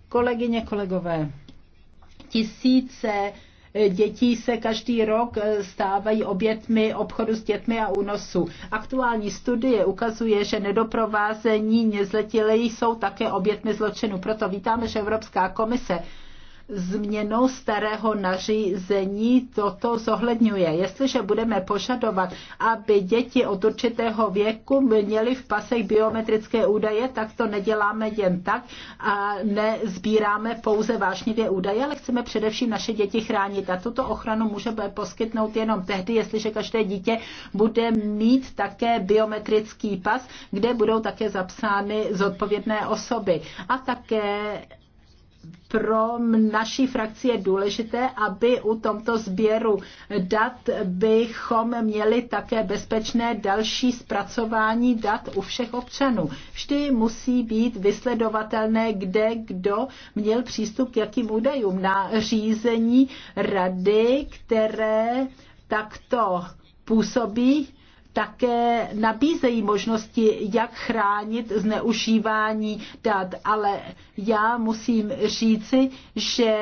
Kolegyně, kolegové, tisíce eh, dětí se každý rok eh, stávají obětmi obchodu s dětmi a únosu. Aktuální studie ukazuje, že nedoprovázení nezletilejí jsou také obětmi zločinu. Proto vítáme, že Evropská komise změnou starého nařízení toto zohledňuje. Jestliže budeme požadovat, aby děti od určitého věku měly v pasech biometrické údaje, tak to neděláme jen tak a nezbíráme pouze vášnivě údaje, ale chceme především naše děti chránit. A tuto ochranu můžeme poskytnout jenom tehdy, jestliže každé dítě bude mít také biometrický pas, kde budou také zapsány zodpovědné osoby. A také pro naší frakci je důležité, aby u tomto sběru dat bychom měli také bezpečné další zpracování dat u všech občanů. Vždy musí být vysledovatelné, kde kdo měl přístup k jakým údajům na řízení rady, které takto působí, také nabízejí možnosti, jak chránit zneužívání dat, ale já musím říci, že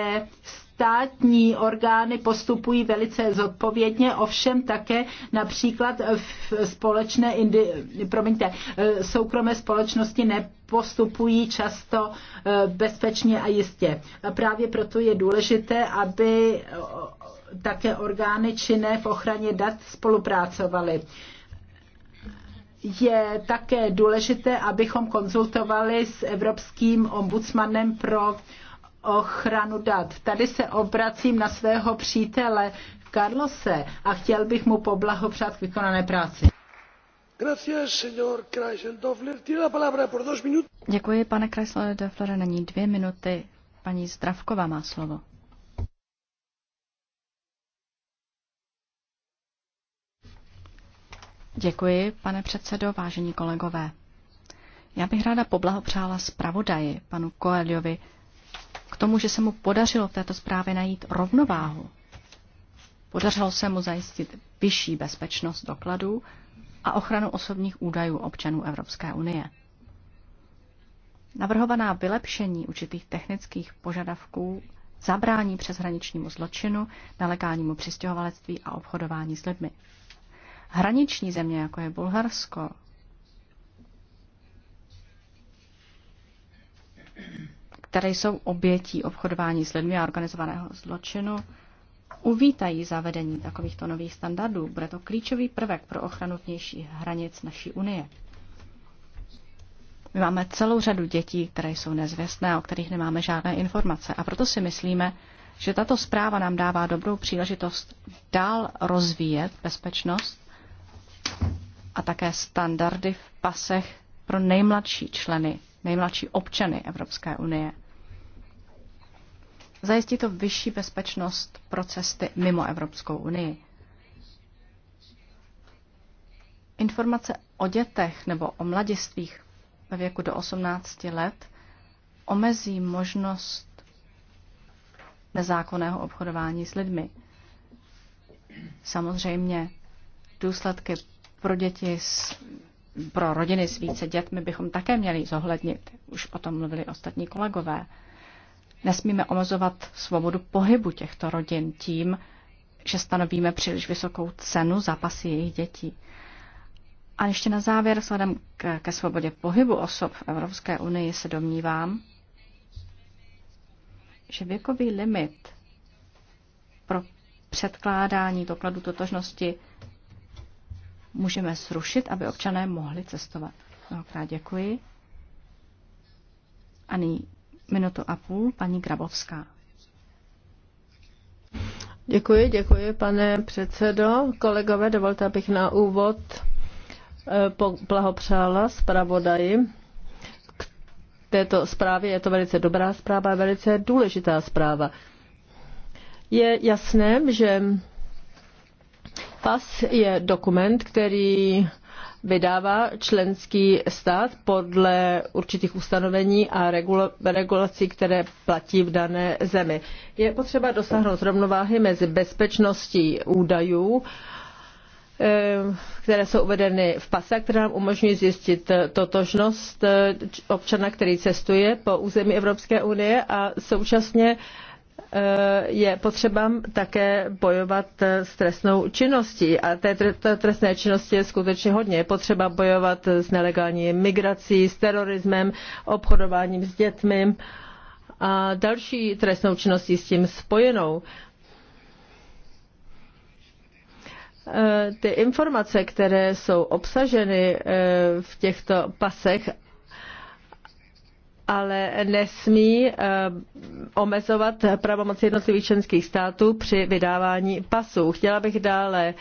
státní orgány postupují velice zodpovědně, ovšem také například v společné, indi, promiňte, eh, soukromé společnosti nepostupují často eh, bezpečně a jistě. A právě proto je důležité, aby také orgány činné v ochraně dat spolupracovaly je také důležité, abychom konzultovali s Evropským ombudsmanem pro ochranu dat. Tady se obracím na svého přítele Karlose a chtěl bych mu poblahopřát k vykonané práci. Děkuji, pane Kreisler Döfler. Není dvě minuty. Paní Zdravková má slovo. Děkuji, pane předsedo, vážení kolegové. Já bych ráda poblahopřála zpravodaji, panu Koeliovi, k tomu, že se mu podařilo v této zprávě najít rovnováhu. Podařilo se mu zajistit vyšší bezpečnost dokladů a ochranu osobních údajů občanů Evropské unie. Navrhovaná vylepšení určitých technických požadavků zabrání přeshraničnímu zločinu, nelegálnímu přistěhovalectví a obchodování s lidmi hraniční země, jako je Bulharsko, které jsou obětí obchodování s lidmi a organizovaného zločinu, uvítají zavedení takovýchto nových standardů. Bude to klíčový prvek pro ochranu vnějších hranic naší unie. My máme celou řadu dětí, které jsou nezvěstné, o kterých nemáme žádné informace. A proto si myslíme, že tato zpráva nám dává dobrou příležitost dál rozvíjet bezpečnost a také standardy v pasech pro nejmladší členy, nejmladší občany Evropské unie. Zajistí to vyšší bezpečnost pro cesty mimo Evropskou unii. Informace o dětech nebo o mladistvích ve věku do 18 let omezí možnost nezákonného obchodování s lidmi. Samozřejmě důsledky pro děti s, pro rodiny s více dětmi bychom také měli zohlednit. Už o tom mluvili ostatní kolegové. Nesmíme omezovat svobodu pohybu těchto rodin tím, že stanovíme příliš vysokou cenu za pasy jejich dětí. A ještě na závěr, vzhledem ke, ke svobodě pohybu osob v Evropské unii, se domnívám, že věkový limit pro předkládání dokladu totožnosti můžeme zrušit, aby občané mohli cestovat. Mnohokrát děkuji. A nyní minutu a půl paní Grabovská. Děkuji, děkuji, pane předsedo. Kolegové, dovolte, abych na úvod eh, blahopřála zpravodaji k této zprávě. Je to velice dobrá zpráva, velice důležitá zpráva. Je jasné, že Pas je dokument, který vydává členský stát podle určitých ustanovení a regulací, které platí v dané zemi. Je potřeba dosáhnout rovnováhy mezi bezpečností údajů, eh, které jsou uvedeny v pase, které nám umožňují zjistit totožnost eh, občana, který cestuje po území Evropské unie a současně Eh, je potřeba také bojovat s trestnou činností. A té trestné činnosti je skutečně hodně. Je potřeba bojovat s nelegální migrací, s terorismem, obchodováním s dětmi a další trestnou činností s tím spojenou. Eh, ty informace, které jsou obsaženy eh, v těchto pasech ale nesmí eh, omezovat pravomoci jednotlivých členských států při vydávání pasů. Chtěla bych dále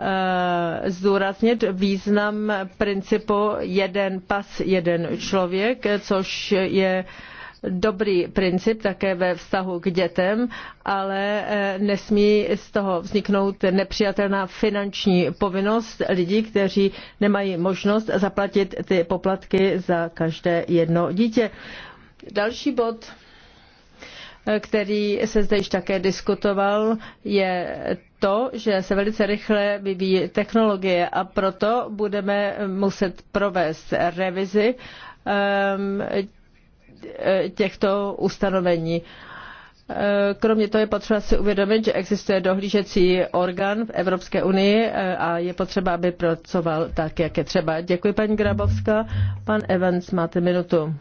eh, zdůraznit význam principu jeden pas, jeden člověk, což je uh, dobrý princip také ve vztahu k dětem, ale eh, nesmí z toho vzniknout nepřijatelná finanční povinnost lidí, kteří nemají možnost zaplatit ty poplatky za každé jedno dítě. Další bod eh, který se zde již také diskutoval, je to, že se velice rychle vyvíjí technologie a proto budeme muset provést revizi ehm, Eh, těchto ustanovení. Eh, kromě toho je potřeba si uvědomit, že existuje dohlížecí orgán v Evropské unii eh, a je potřeba, aby pracoval tak, jak je třeba. Děkuji, paní Grabovská. Pan Evans, máte minutu.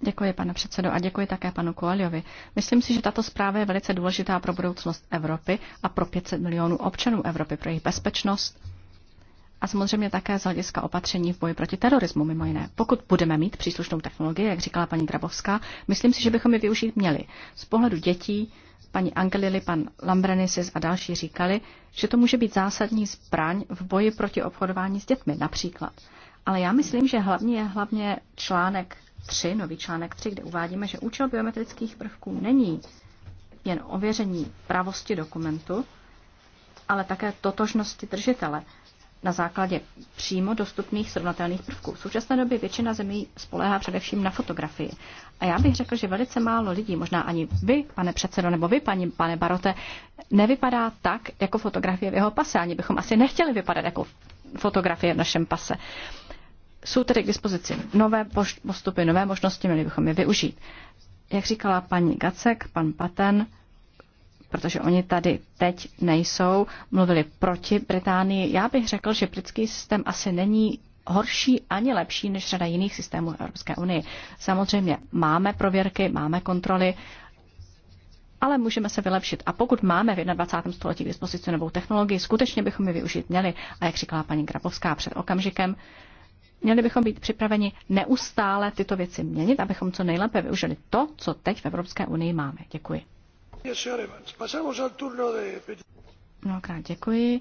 Děkuji, pane předsedo, a děkuji také panu Koaliovi. Myslím si, že tato zpráva je velice důležitá pro budoucnost Evropy a pro 500 milionů občanů Evropy, pro jejich bezpečnost, a samozřejmě také z hlediska opatření v boji proti terorismu, mimo jiné. Pokud budeme mít příslušnou technologii, jak říkala paní Grabovská, myslím si, že bychom ji využít měli. Z pohledu dětí, paní Angelili, pan Lambrenisis a další říkali, že to může být zásadní zbraň v boji proti obchodování s dětmi, například. Ale já myslím, že hlavně je hlavně článek 3, nový článek 3, kde uvádíme, že účel biometrických prvků není jen ověření pravosti dokumentu, ale také totožnosti držitele na základě přímo dostupných srovnatelných prvků. V současné době většina zemí spoléhá především na fotografii. A já bych řekl, že velice málo lidí, možná ani vy, pane předsedo, nebo vy, paní, pane Barote, nevypadá tak, jako fotografie v jeho pase. Ani bychom asi nechtěli vypadat jako fotografie v našem pase. Jsou tedy k dispozici nové postupy, nové možnosti, měli bychom je využít. Jak říkala paní Gacek, pan Paten, protože oni tady teď nejsou, mluvili proti Británii. Já bych řekl, že britský systém asi není horší ani lepší než řada jiných systémů Evropské unie. Samozřejmě máme prověrky, máme kontroly, ale můžeme se vylepšit. A pokud máme v 21. století k dispozici novou technologii, skutečně bychom ji využít měli. A jak říkala paní Grabovská před okamžikem, měli bychom být připraveni neustále tyto věci měnit, abychom co nejlépe využili to, co teď v Evropské unii máme. Děkuji. Mnohokrát děkuji.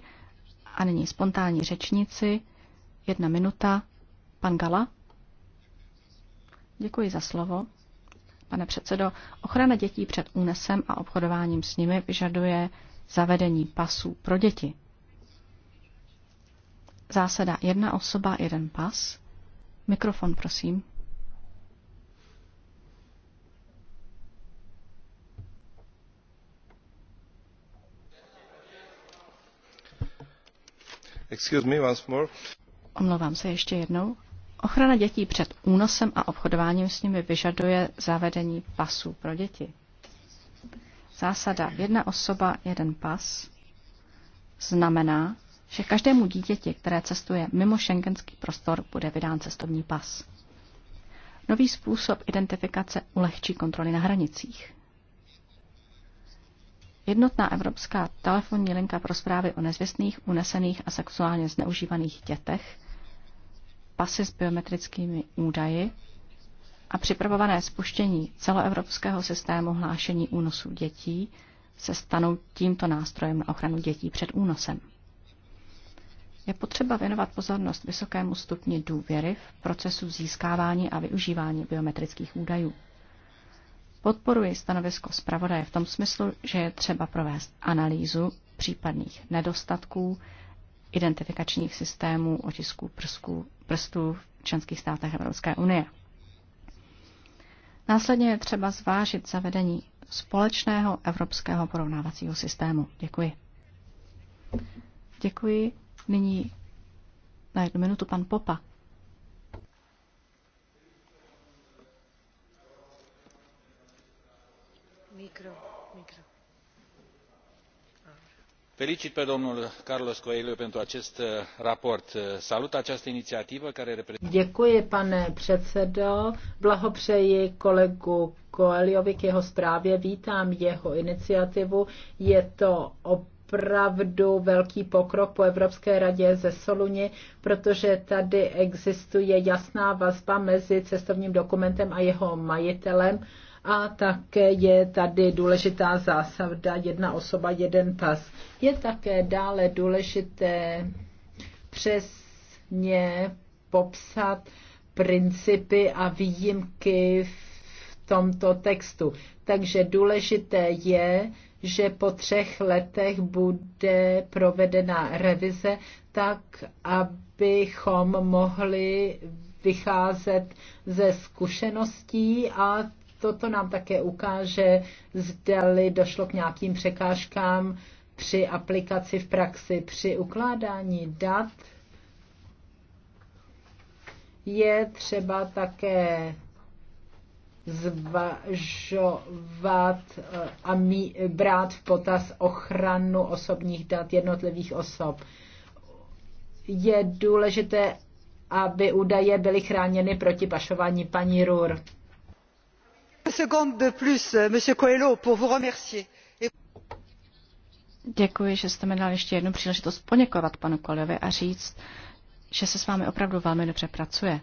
A nyní spontánní řečníci. Jedna minuta. Pan Gala. Děkuji za slovo. Pane předsedo, ochrana dětí před únesem a obchodováním s nimi vyžaduje zavedení pasů pro děti. Zásada jedna osoba, jeden pas. Mikrofon, prosím. Omlouvám se ještě jednou. Ochrana dětí před únosem a obchodováním s nimi vyžaduje zavedení pasů pro děti. Zásada jedna osoba, jeden pas znamená, že každému dítěti, které cestuje mimo šengenský prostor, bude vydán cestovní pas. Nový způsob identifikace ulehčí kontroly na hranicích. Jednotná evropská telefonní linka pro zprávy o nezvěstných, unesených a sexuálně zneužívaných dětech, pasy s biometrickými údaji a připravované spuštění celoevropského systému hlášení únosů dětí se stanou tímto nástrojem na ochranu dětí před únosem. Je potřeba věnovat pozornost vysokému stupni důvěry v procesu získávání a využívání biometrických údajů. Podporuji stanovisko zpravodaje v tom smyslu, že je třeba provést analýzu případných nedostatků identifikačních systémů otisků prsků, prstů v členských státech Evropské unie. Následně je třeba zvážit zavedení společného evropského porovnávacího systému. Děkuji. Děkuji. Nyní na jednu minutu pan Popa. felicit pe domnul carlos coelho pentru acest uh, raport. Uh, salut această inițiativă care reprezintă. Děkuji, pane předsedo. Blahopřeji kolegu Coelhovi k jeho zprávě. Vítám jeho iniciativu. Je to opravdu velký pokrok po Evropské radě ze Soluni, protože tady existuje jasná vazba mezi cestovním dokumentem a jeho majitelem a také je tady důležitá zásada jedna osoba, jeden pas. Je také dále důležité přesně popsat principy a výjimky v tomto textu. Takže důležité je, že po třech letech bude provedena revize tak, abychom mohli vycházet ze zkušeností a toto nám také ukáže, zda-li došlo k nějakým překážkám při aplikaci v praxi, při ukládání dat je třeba také zvažovat eh, a mí, brát v potaz ochranu osobních dat jednotlivých osob. Je důležité, aby údaje byly chráněny proti pašování paní Rur secondes de plus euh, monsieur coelho pour vous remercier. Děkuji, že jste mi dal ještě jednu příležitost poděkovat panu Kolevi a říct, že se s vámi opravdu velmi dobře pracuje.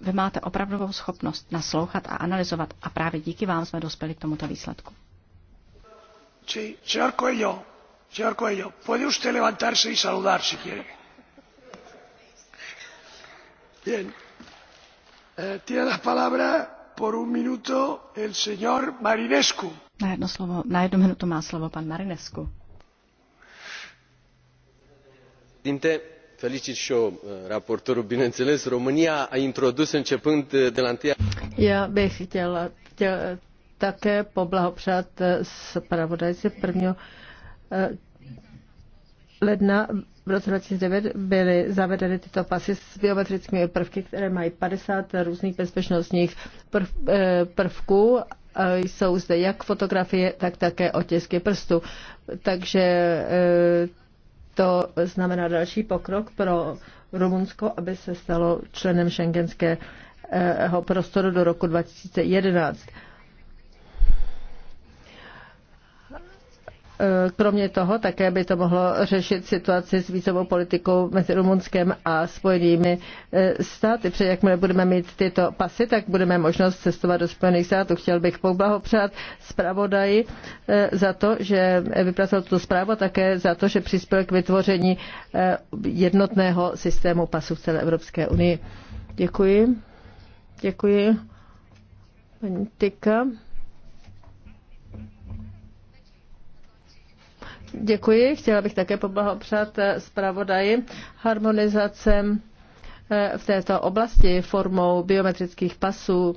Vy máte opravdovou schopnost naslouchat a analyzovat a právě díky vám jsme dospěli k tomuto výsledku. Sí, señor Coelho, señor Coelho, puede usted levantarse y saludar si quiere. Bien. Na jedno, slovo, na jednu minutu má slovo pan Marinescu. Dinte, felicit și eu eh, raportorul, bineînțeles. România a introdus începând de la 1 Já bych chtěla, chtěla také poblahopřát eh, zpravodajce prvního eh, ledna v roce 2009 byly zavedeny tyto pasy s biometrickými prvky, které mají 50 různých bezpečnostních prv, eh, prvků. Eh, jsou zde jak fotografie, tak také otisky prstů. Takže eh, to znamená další pokrok pro Rumunsko, aby se stalo členem šengenského prostoru do roku 2011. Eh, kromě toho také by to mohlo řešit situaci s vízovou politikou mezi Rumunskem a Spojenými eh, státy. Protože jakmile budeme mít tyto pasy, tak budeme možnost cestovat do Spojených států. Chtěl bych poblahopřát zpravodaji eh, za to, že vypracoval tuto zprávu a také za to, že přispěl k vytvoření jednotného systému pasu v celé Evropské unii. Děkuji. Děkuji. Paní Tyka. Děkuji. Chtěla bych také poblahopřát eh, zpravodaji harmonizace eh, v této oblasti formou biometrických pasů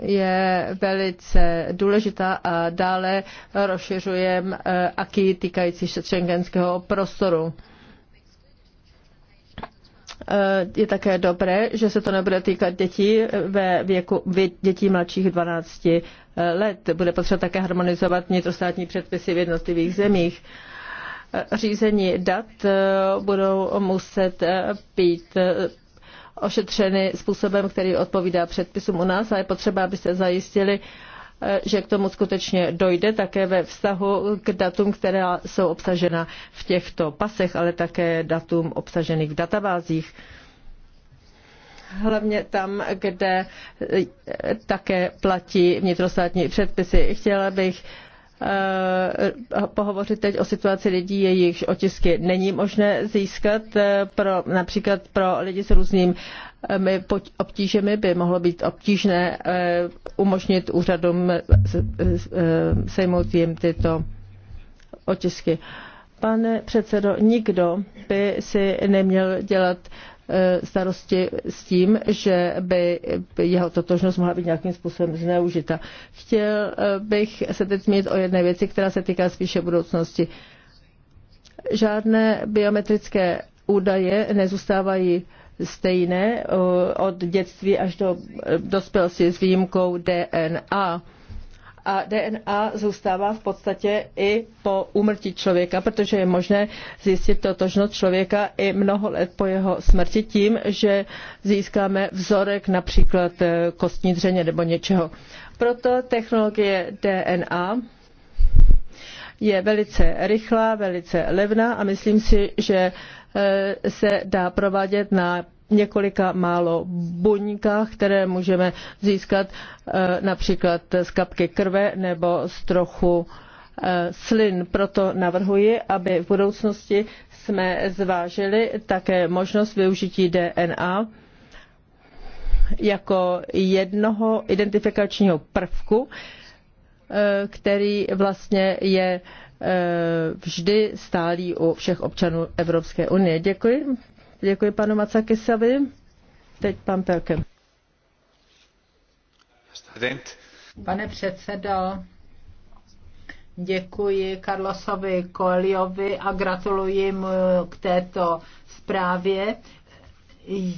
je velice důležitá a dále rozšiřujeme eh, aký týkající se šengenského prostoru. Eh, je také dobré, že se to nebude týkat dětí ve věku dětí mladších 12 eh, let. Bude potřeba také harmonizovat vnitrostátní předpisy v jednotlivých zemích eh, řízení dat budou muset být ošetřeny způsobem, který odpovídá předpisům u nás a je potřeba, abyste zajistili že k tomu skutečně dojde také ve vztahu k datům, která jsou obsažena v těchto pasech, ale také datům obsažených v databázích hlavně tam, kde e, také platí vnitrostátní předpisy. Chtěla bych e, pohovořit teď o situaci lidí, jejichž otisky není možné získat, e, pro, například pro lidi s různým Eh, my obtížemi by mohlo být obtížné eh, umožnit úřadům eh, sejmout jim tyto otisky. Pane předsedo, nikdo by si neměl dělat starosti s tím, že by jeho totožnost mohla být nějakým způsobem zneužita. Chtěl bych se teď zmínit o jedné věci, která se týká spíše budoucnosti. Žádné biometrické údaje nezůstávají stejné eh, od dětství až do eh, dospělosti s výjimkou DNA. A DNA zůstává v podstatě i po úmrtí člověka, protože je možné zjistit totožnost člověka i mnoho let po jeho smrti tím, že získáme vzorek například eh, kostní dřeně nebo něčeho. Proto technologie DNA je velice rychlá, velice levná a myslím si, že Eh, se dá provádět na několika málo buňkách, které můžeme získat eh, například z kapky krve nebo z trochu eh, slin. Proto navrhuji, aby v budoucnosti jsme zvážili také možnost využití DNA jako jednoho identifikačního prvku, který vlastně je Eh, vždy stálý u všech občanů Evropské unie. Děkuji. Děkuji panu Macakisovi. Teď pan Pelke. Pane předsedo, děkuji Carlosovi Koeliovi a gratuluji mu k této zprávě.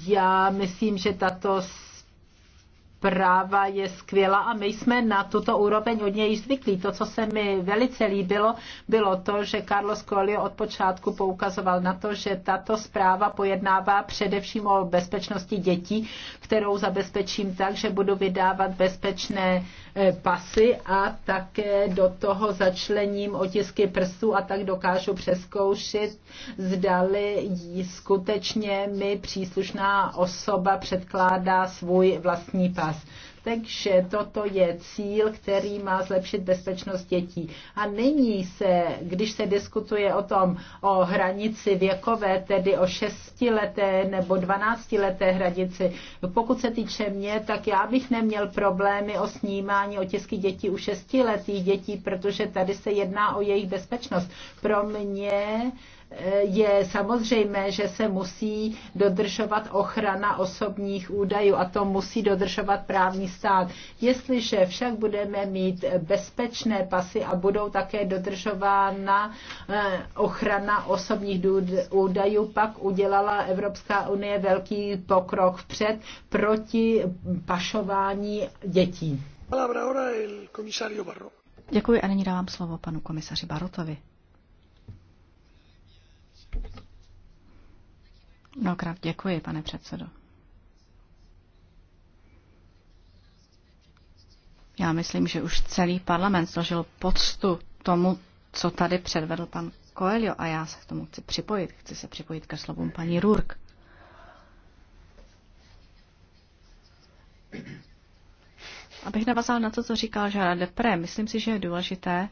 Já myslím, že tato zpráva je skvělá a my jsme na tuto úroveň od něj zvyklí. To, co se mi velice líbilo, bylo to, že Carlos Coelho od počátku poukazoval na to, že tato zpráva pojednává především o bezpečnosti dětí, kterou zabezpečím tak, že budu vydávat bezpečné e, pasy a také do toho začlením otisky prstů a tak dokážu přeskoušet, zdali skutečně mi příslušná osoba předkládá svůj vlastní pas nás. Takže toto je cíl, který má zlepšit bezpečnost dětí. A nyní se, když se diskutuje o tom, o hranici věkové, tedy o šestileté nebo dvanáctileté hranici, pokud se týče mě, tak já bych neměl problémy o snímání otisky dětí u šestiletých dětí, protože tady se jedná o jejich bezpečnost. Pro mě je samozřejmé, že se musí dodržovat ochrana osobních údajů a to musí dodržovat právní stát. Jestliže však budeme mít bezpečné pasy a budou také dodržována eh, ochrana osobních údajů, pak udělala Evropská unie velký pokrok vpřed proti pašování dětí. Děkuji a nyní dávám slovo panu komisaři Barotovi. Mnohokrát děkuji, pane předsedo. Já myslím, že už celý parlament složil poctu tomu, co tady předvedl pan Coelho a já se k tomu chci připojit. Chci se připojit ke slovům paní Rurk. Abych navazal na to, co říkal Žara Depré, myslím si, že je důležité,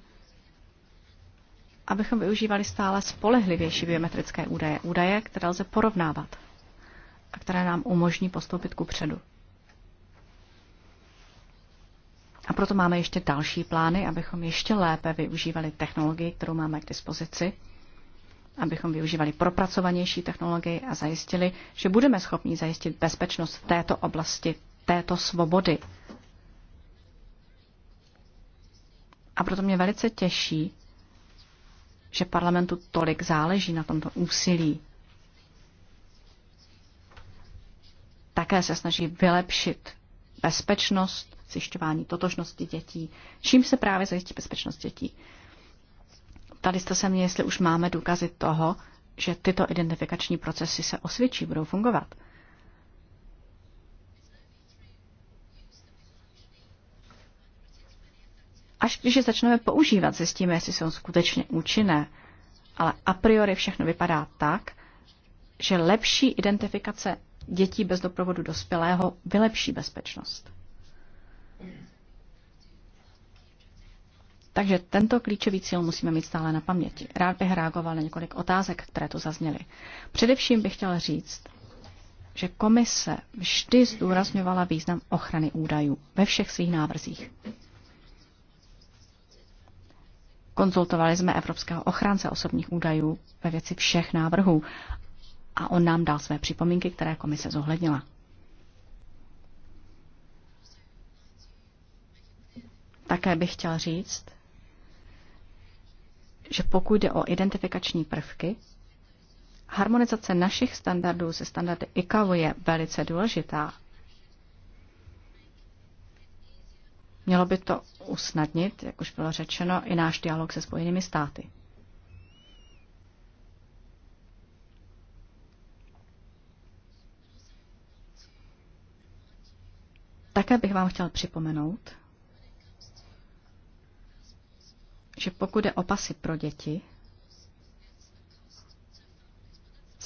abychom využívali stále spolehlivější biometrické údaje, údaje, které lze porovnávat a které nám umožní postoupit ku předu. A proto máme ještě další plány, abychom ještě lépe využívali technologii, kterou máme k dispozici, abychom využívali propracovanější technologii a zajistili, že budeme schopni zajistit bezpečnost v této oblasti, této svobody. A proto mě velice těší, že parlamentu tolik záleží na tomto úsilí. Také se snaží vylepšit bezpečnost, zjišťování totožnosti dětí. Čím se právě zajistí bezpečnost dětí? Tady jste se mě, jestli už máme důkazy toho, že tyto identifikační procesy se osvědčí, budou fungovat. Až když je začneme používat, zjistíme, jestli jsou skutečně účinné. Ale a priori všechno vypadá tak, že lepší identifikace dětí bez doprovodu dospělého vylepší bezpečnost. Takže tento klíčový cíl musíme mít stále na paměti. Rád bych reagoval na několik otázek, které tu zazněly. Především bych chtěl říct, že komise vždy zdůrazňovala význam ochrany údajů ve všech svých návrzích. Konzultovali jsme Evropského ochránce osobních údajů ve věci všech návrhů a on nám dal své připomínky, které komise zohlednila. Také bych chtěl říct, že pokud jde o identifikační prvky, harmonizace našich standardů se standardy ICAO je velice důležitá Mělo by to usnadnit, jak už bylo řečeno, i náš dialog se Spojenými státy. Také bych vám chtěl připomenout, že pokud je opasy pro děti,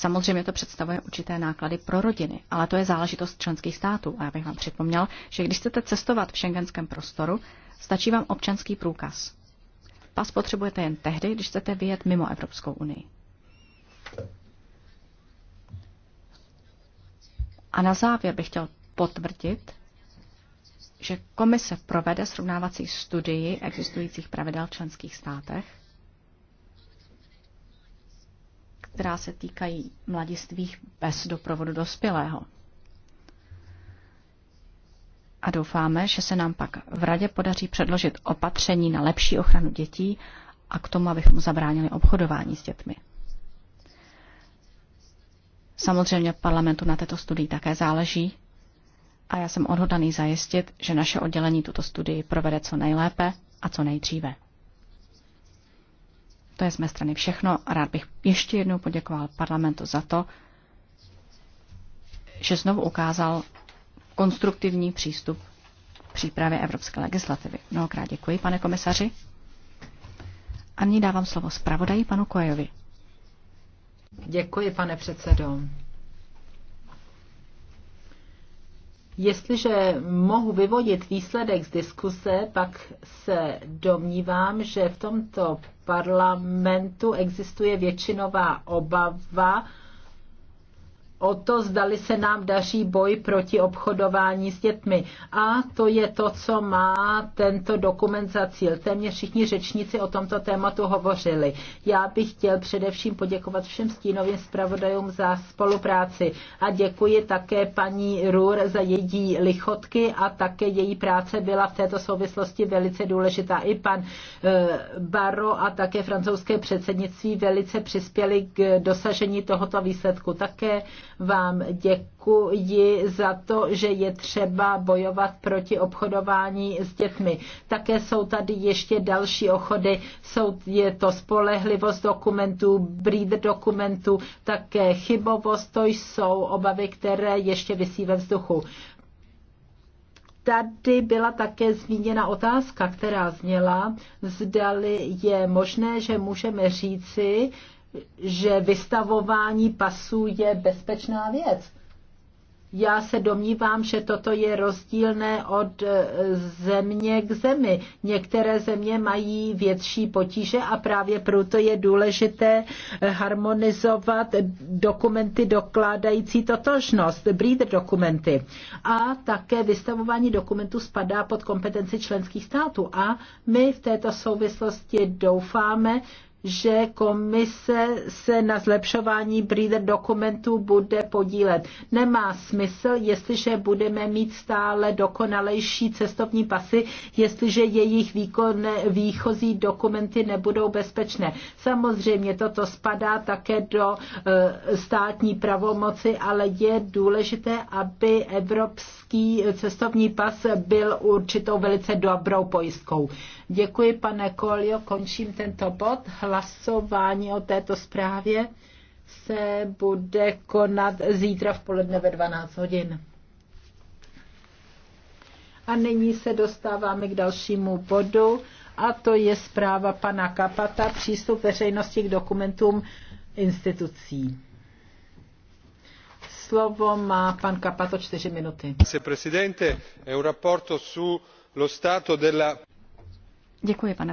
Samozřejmě to představuje určité náklady pro rodiny, ale to je záležitost členských států. A já bych vám připomněl, že když chcete cestovat v šengenském prostoru, stačí vám občanský průkaz. Pas potřebujete jen tehdy, když chcete vyjet mimo Evropskou unii. A na závěr bych chtěl potvrdit, že komise provede srovnávací studii existujících pravidel v členských státech která se týkají mladistvých bez doprovodu dospělého. A doufáme, že se nám pak v Radě podaří předložit opatření na lepší ochranu dětí a k tomu, abychom zabránili obchodování s dětmi. Samozřejmě parlamentu na této studii také záleží a já jsem odhodaný zajistit, že naše oddělení tuto studii provede co nejlépe a co nejdříve. To je z mé strany všechno a rád bych ještě jednou poděkoval parlamentu za to, že znovu ukázal konstruktivní přístup k přípravě evropské legislativy. Mnohokrát děkuji, pane komisaři. A nyní dávám slovo zpravodaji panu Kojovi. Děkuji, pane předsedo. Jestliže mohu vyvodit výsledek z diskuse, pak se domnívám, že v tomto parlamentu existuje většinová obava o to, zdali se nám daří boj proti obchodování s dětmi. A to je to, co má tento dokument za cíl. Téměř všichni řečníci o tomto tématu hovořili. Já bych chtěl především poděkovat všem stínovým zpravodajům za spolupráci a děkuji také paní Rur za její lichotky a také její práce byla v této souvislosti velice důležitá. I pan eh, Baro a také francouzské předsednictví velice přispěli k dosažení tohoto výsledku. Také vám děkuji za to, že je třeba bojovat proti obchodování s dětmi. Také jsou tady ještě další ochody, jsou, je to spolehlivost dokumentů, breed dokumentů, také chybovost, to jsou obavy, které ještě vysí ve vzduchu. Tady byla také zmíněna otázka, která zněla, zdali je možné, že můžeme říci, že vystavování pasů je bezpečná věc. Já se domnívám, že toto je rozdílné od e, země k zemi. Některé země mají větší potíže a právě proto je důležité e, harmonizovat dokumenty dokládající totožnost, breed dokumenty. A také vystavování dokumentů spadá pod kompetenci členských států. A my v této souvislosti doufáme, že komise se na zlepšování breeder dokumentů bude podílet. Nemá smysl, jestliže budeme mít stále dokonalejší cestovní pasy, jestliže jejich výkon, výchozí dokumenty nebudou bezpečné. Samozřejmě toto spadá také do eh, státní pravomoci, ale je důležité, aby Evropská evropský cestovní pas byl určitou velice dobrou pojistkou. Děkuji, pane Kolio, končím tento bod. Hlasování o této zprávě se bude konat zítra v poledne ve 12 hodin. A nyní se dostáváme k dalšímu bodu, a to je zpráva pana Kapata, přístup veřejnosti k dokumentům institucí. Slovo má pan Kapato čtyři minuty. Děkuji, pane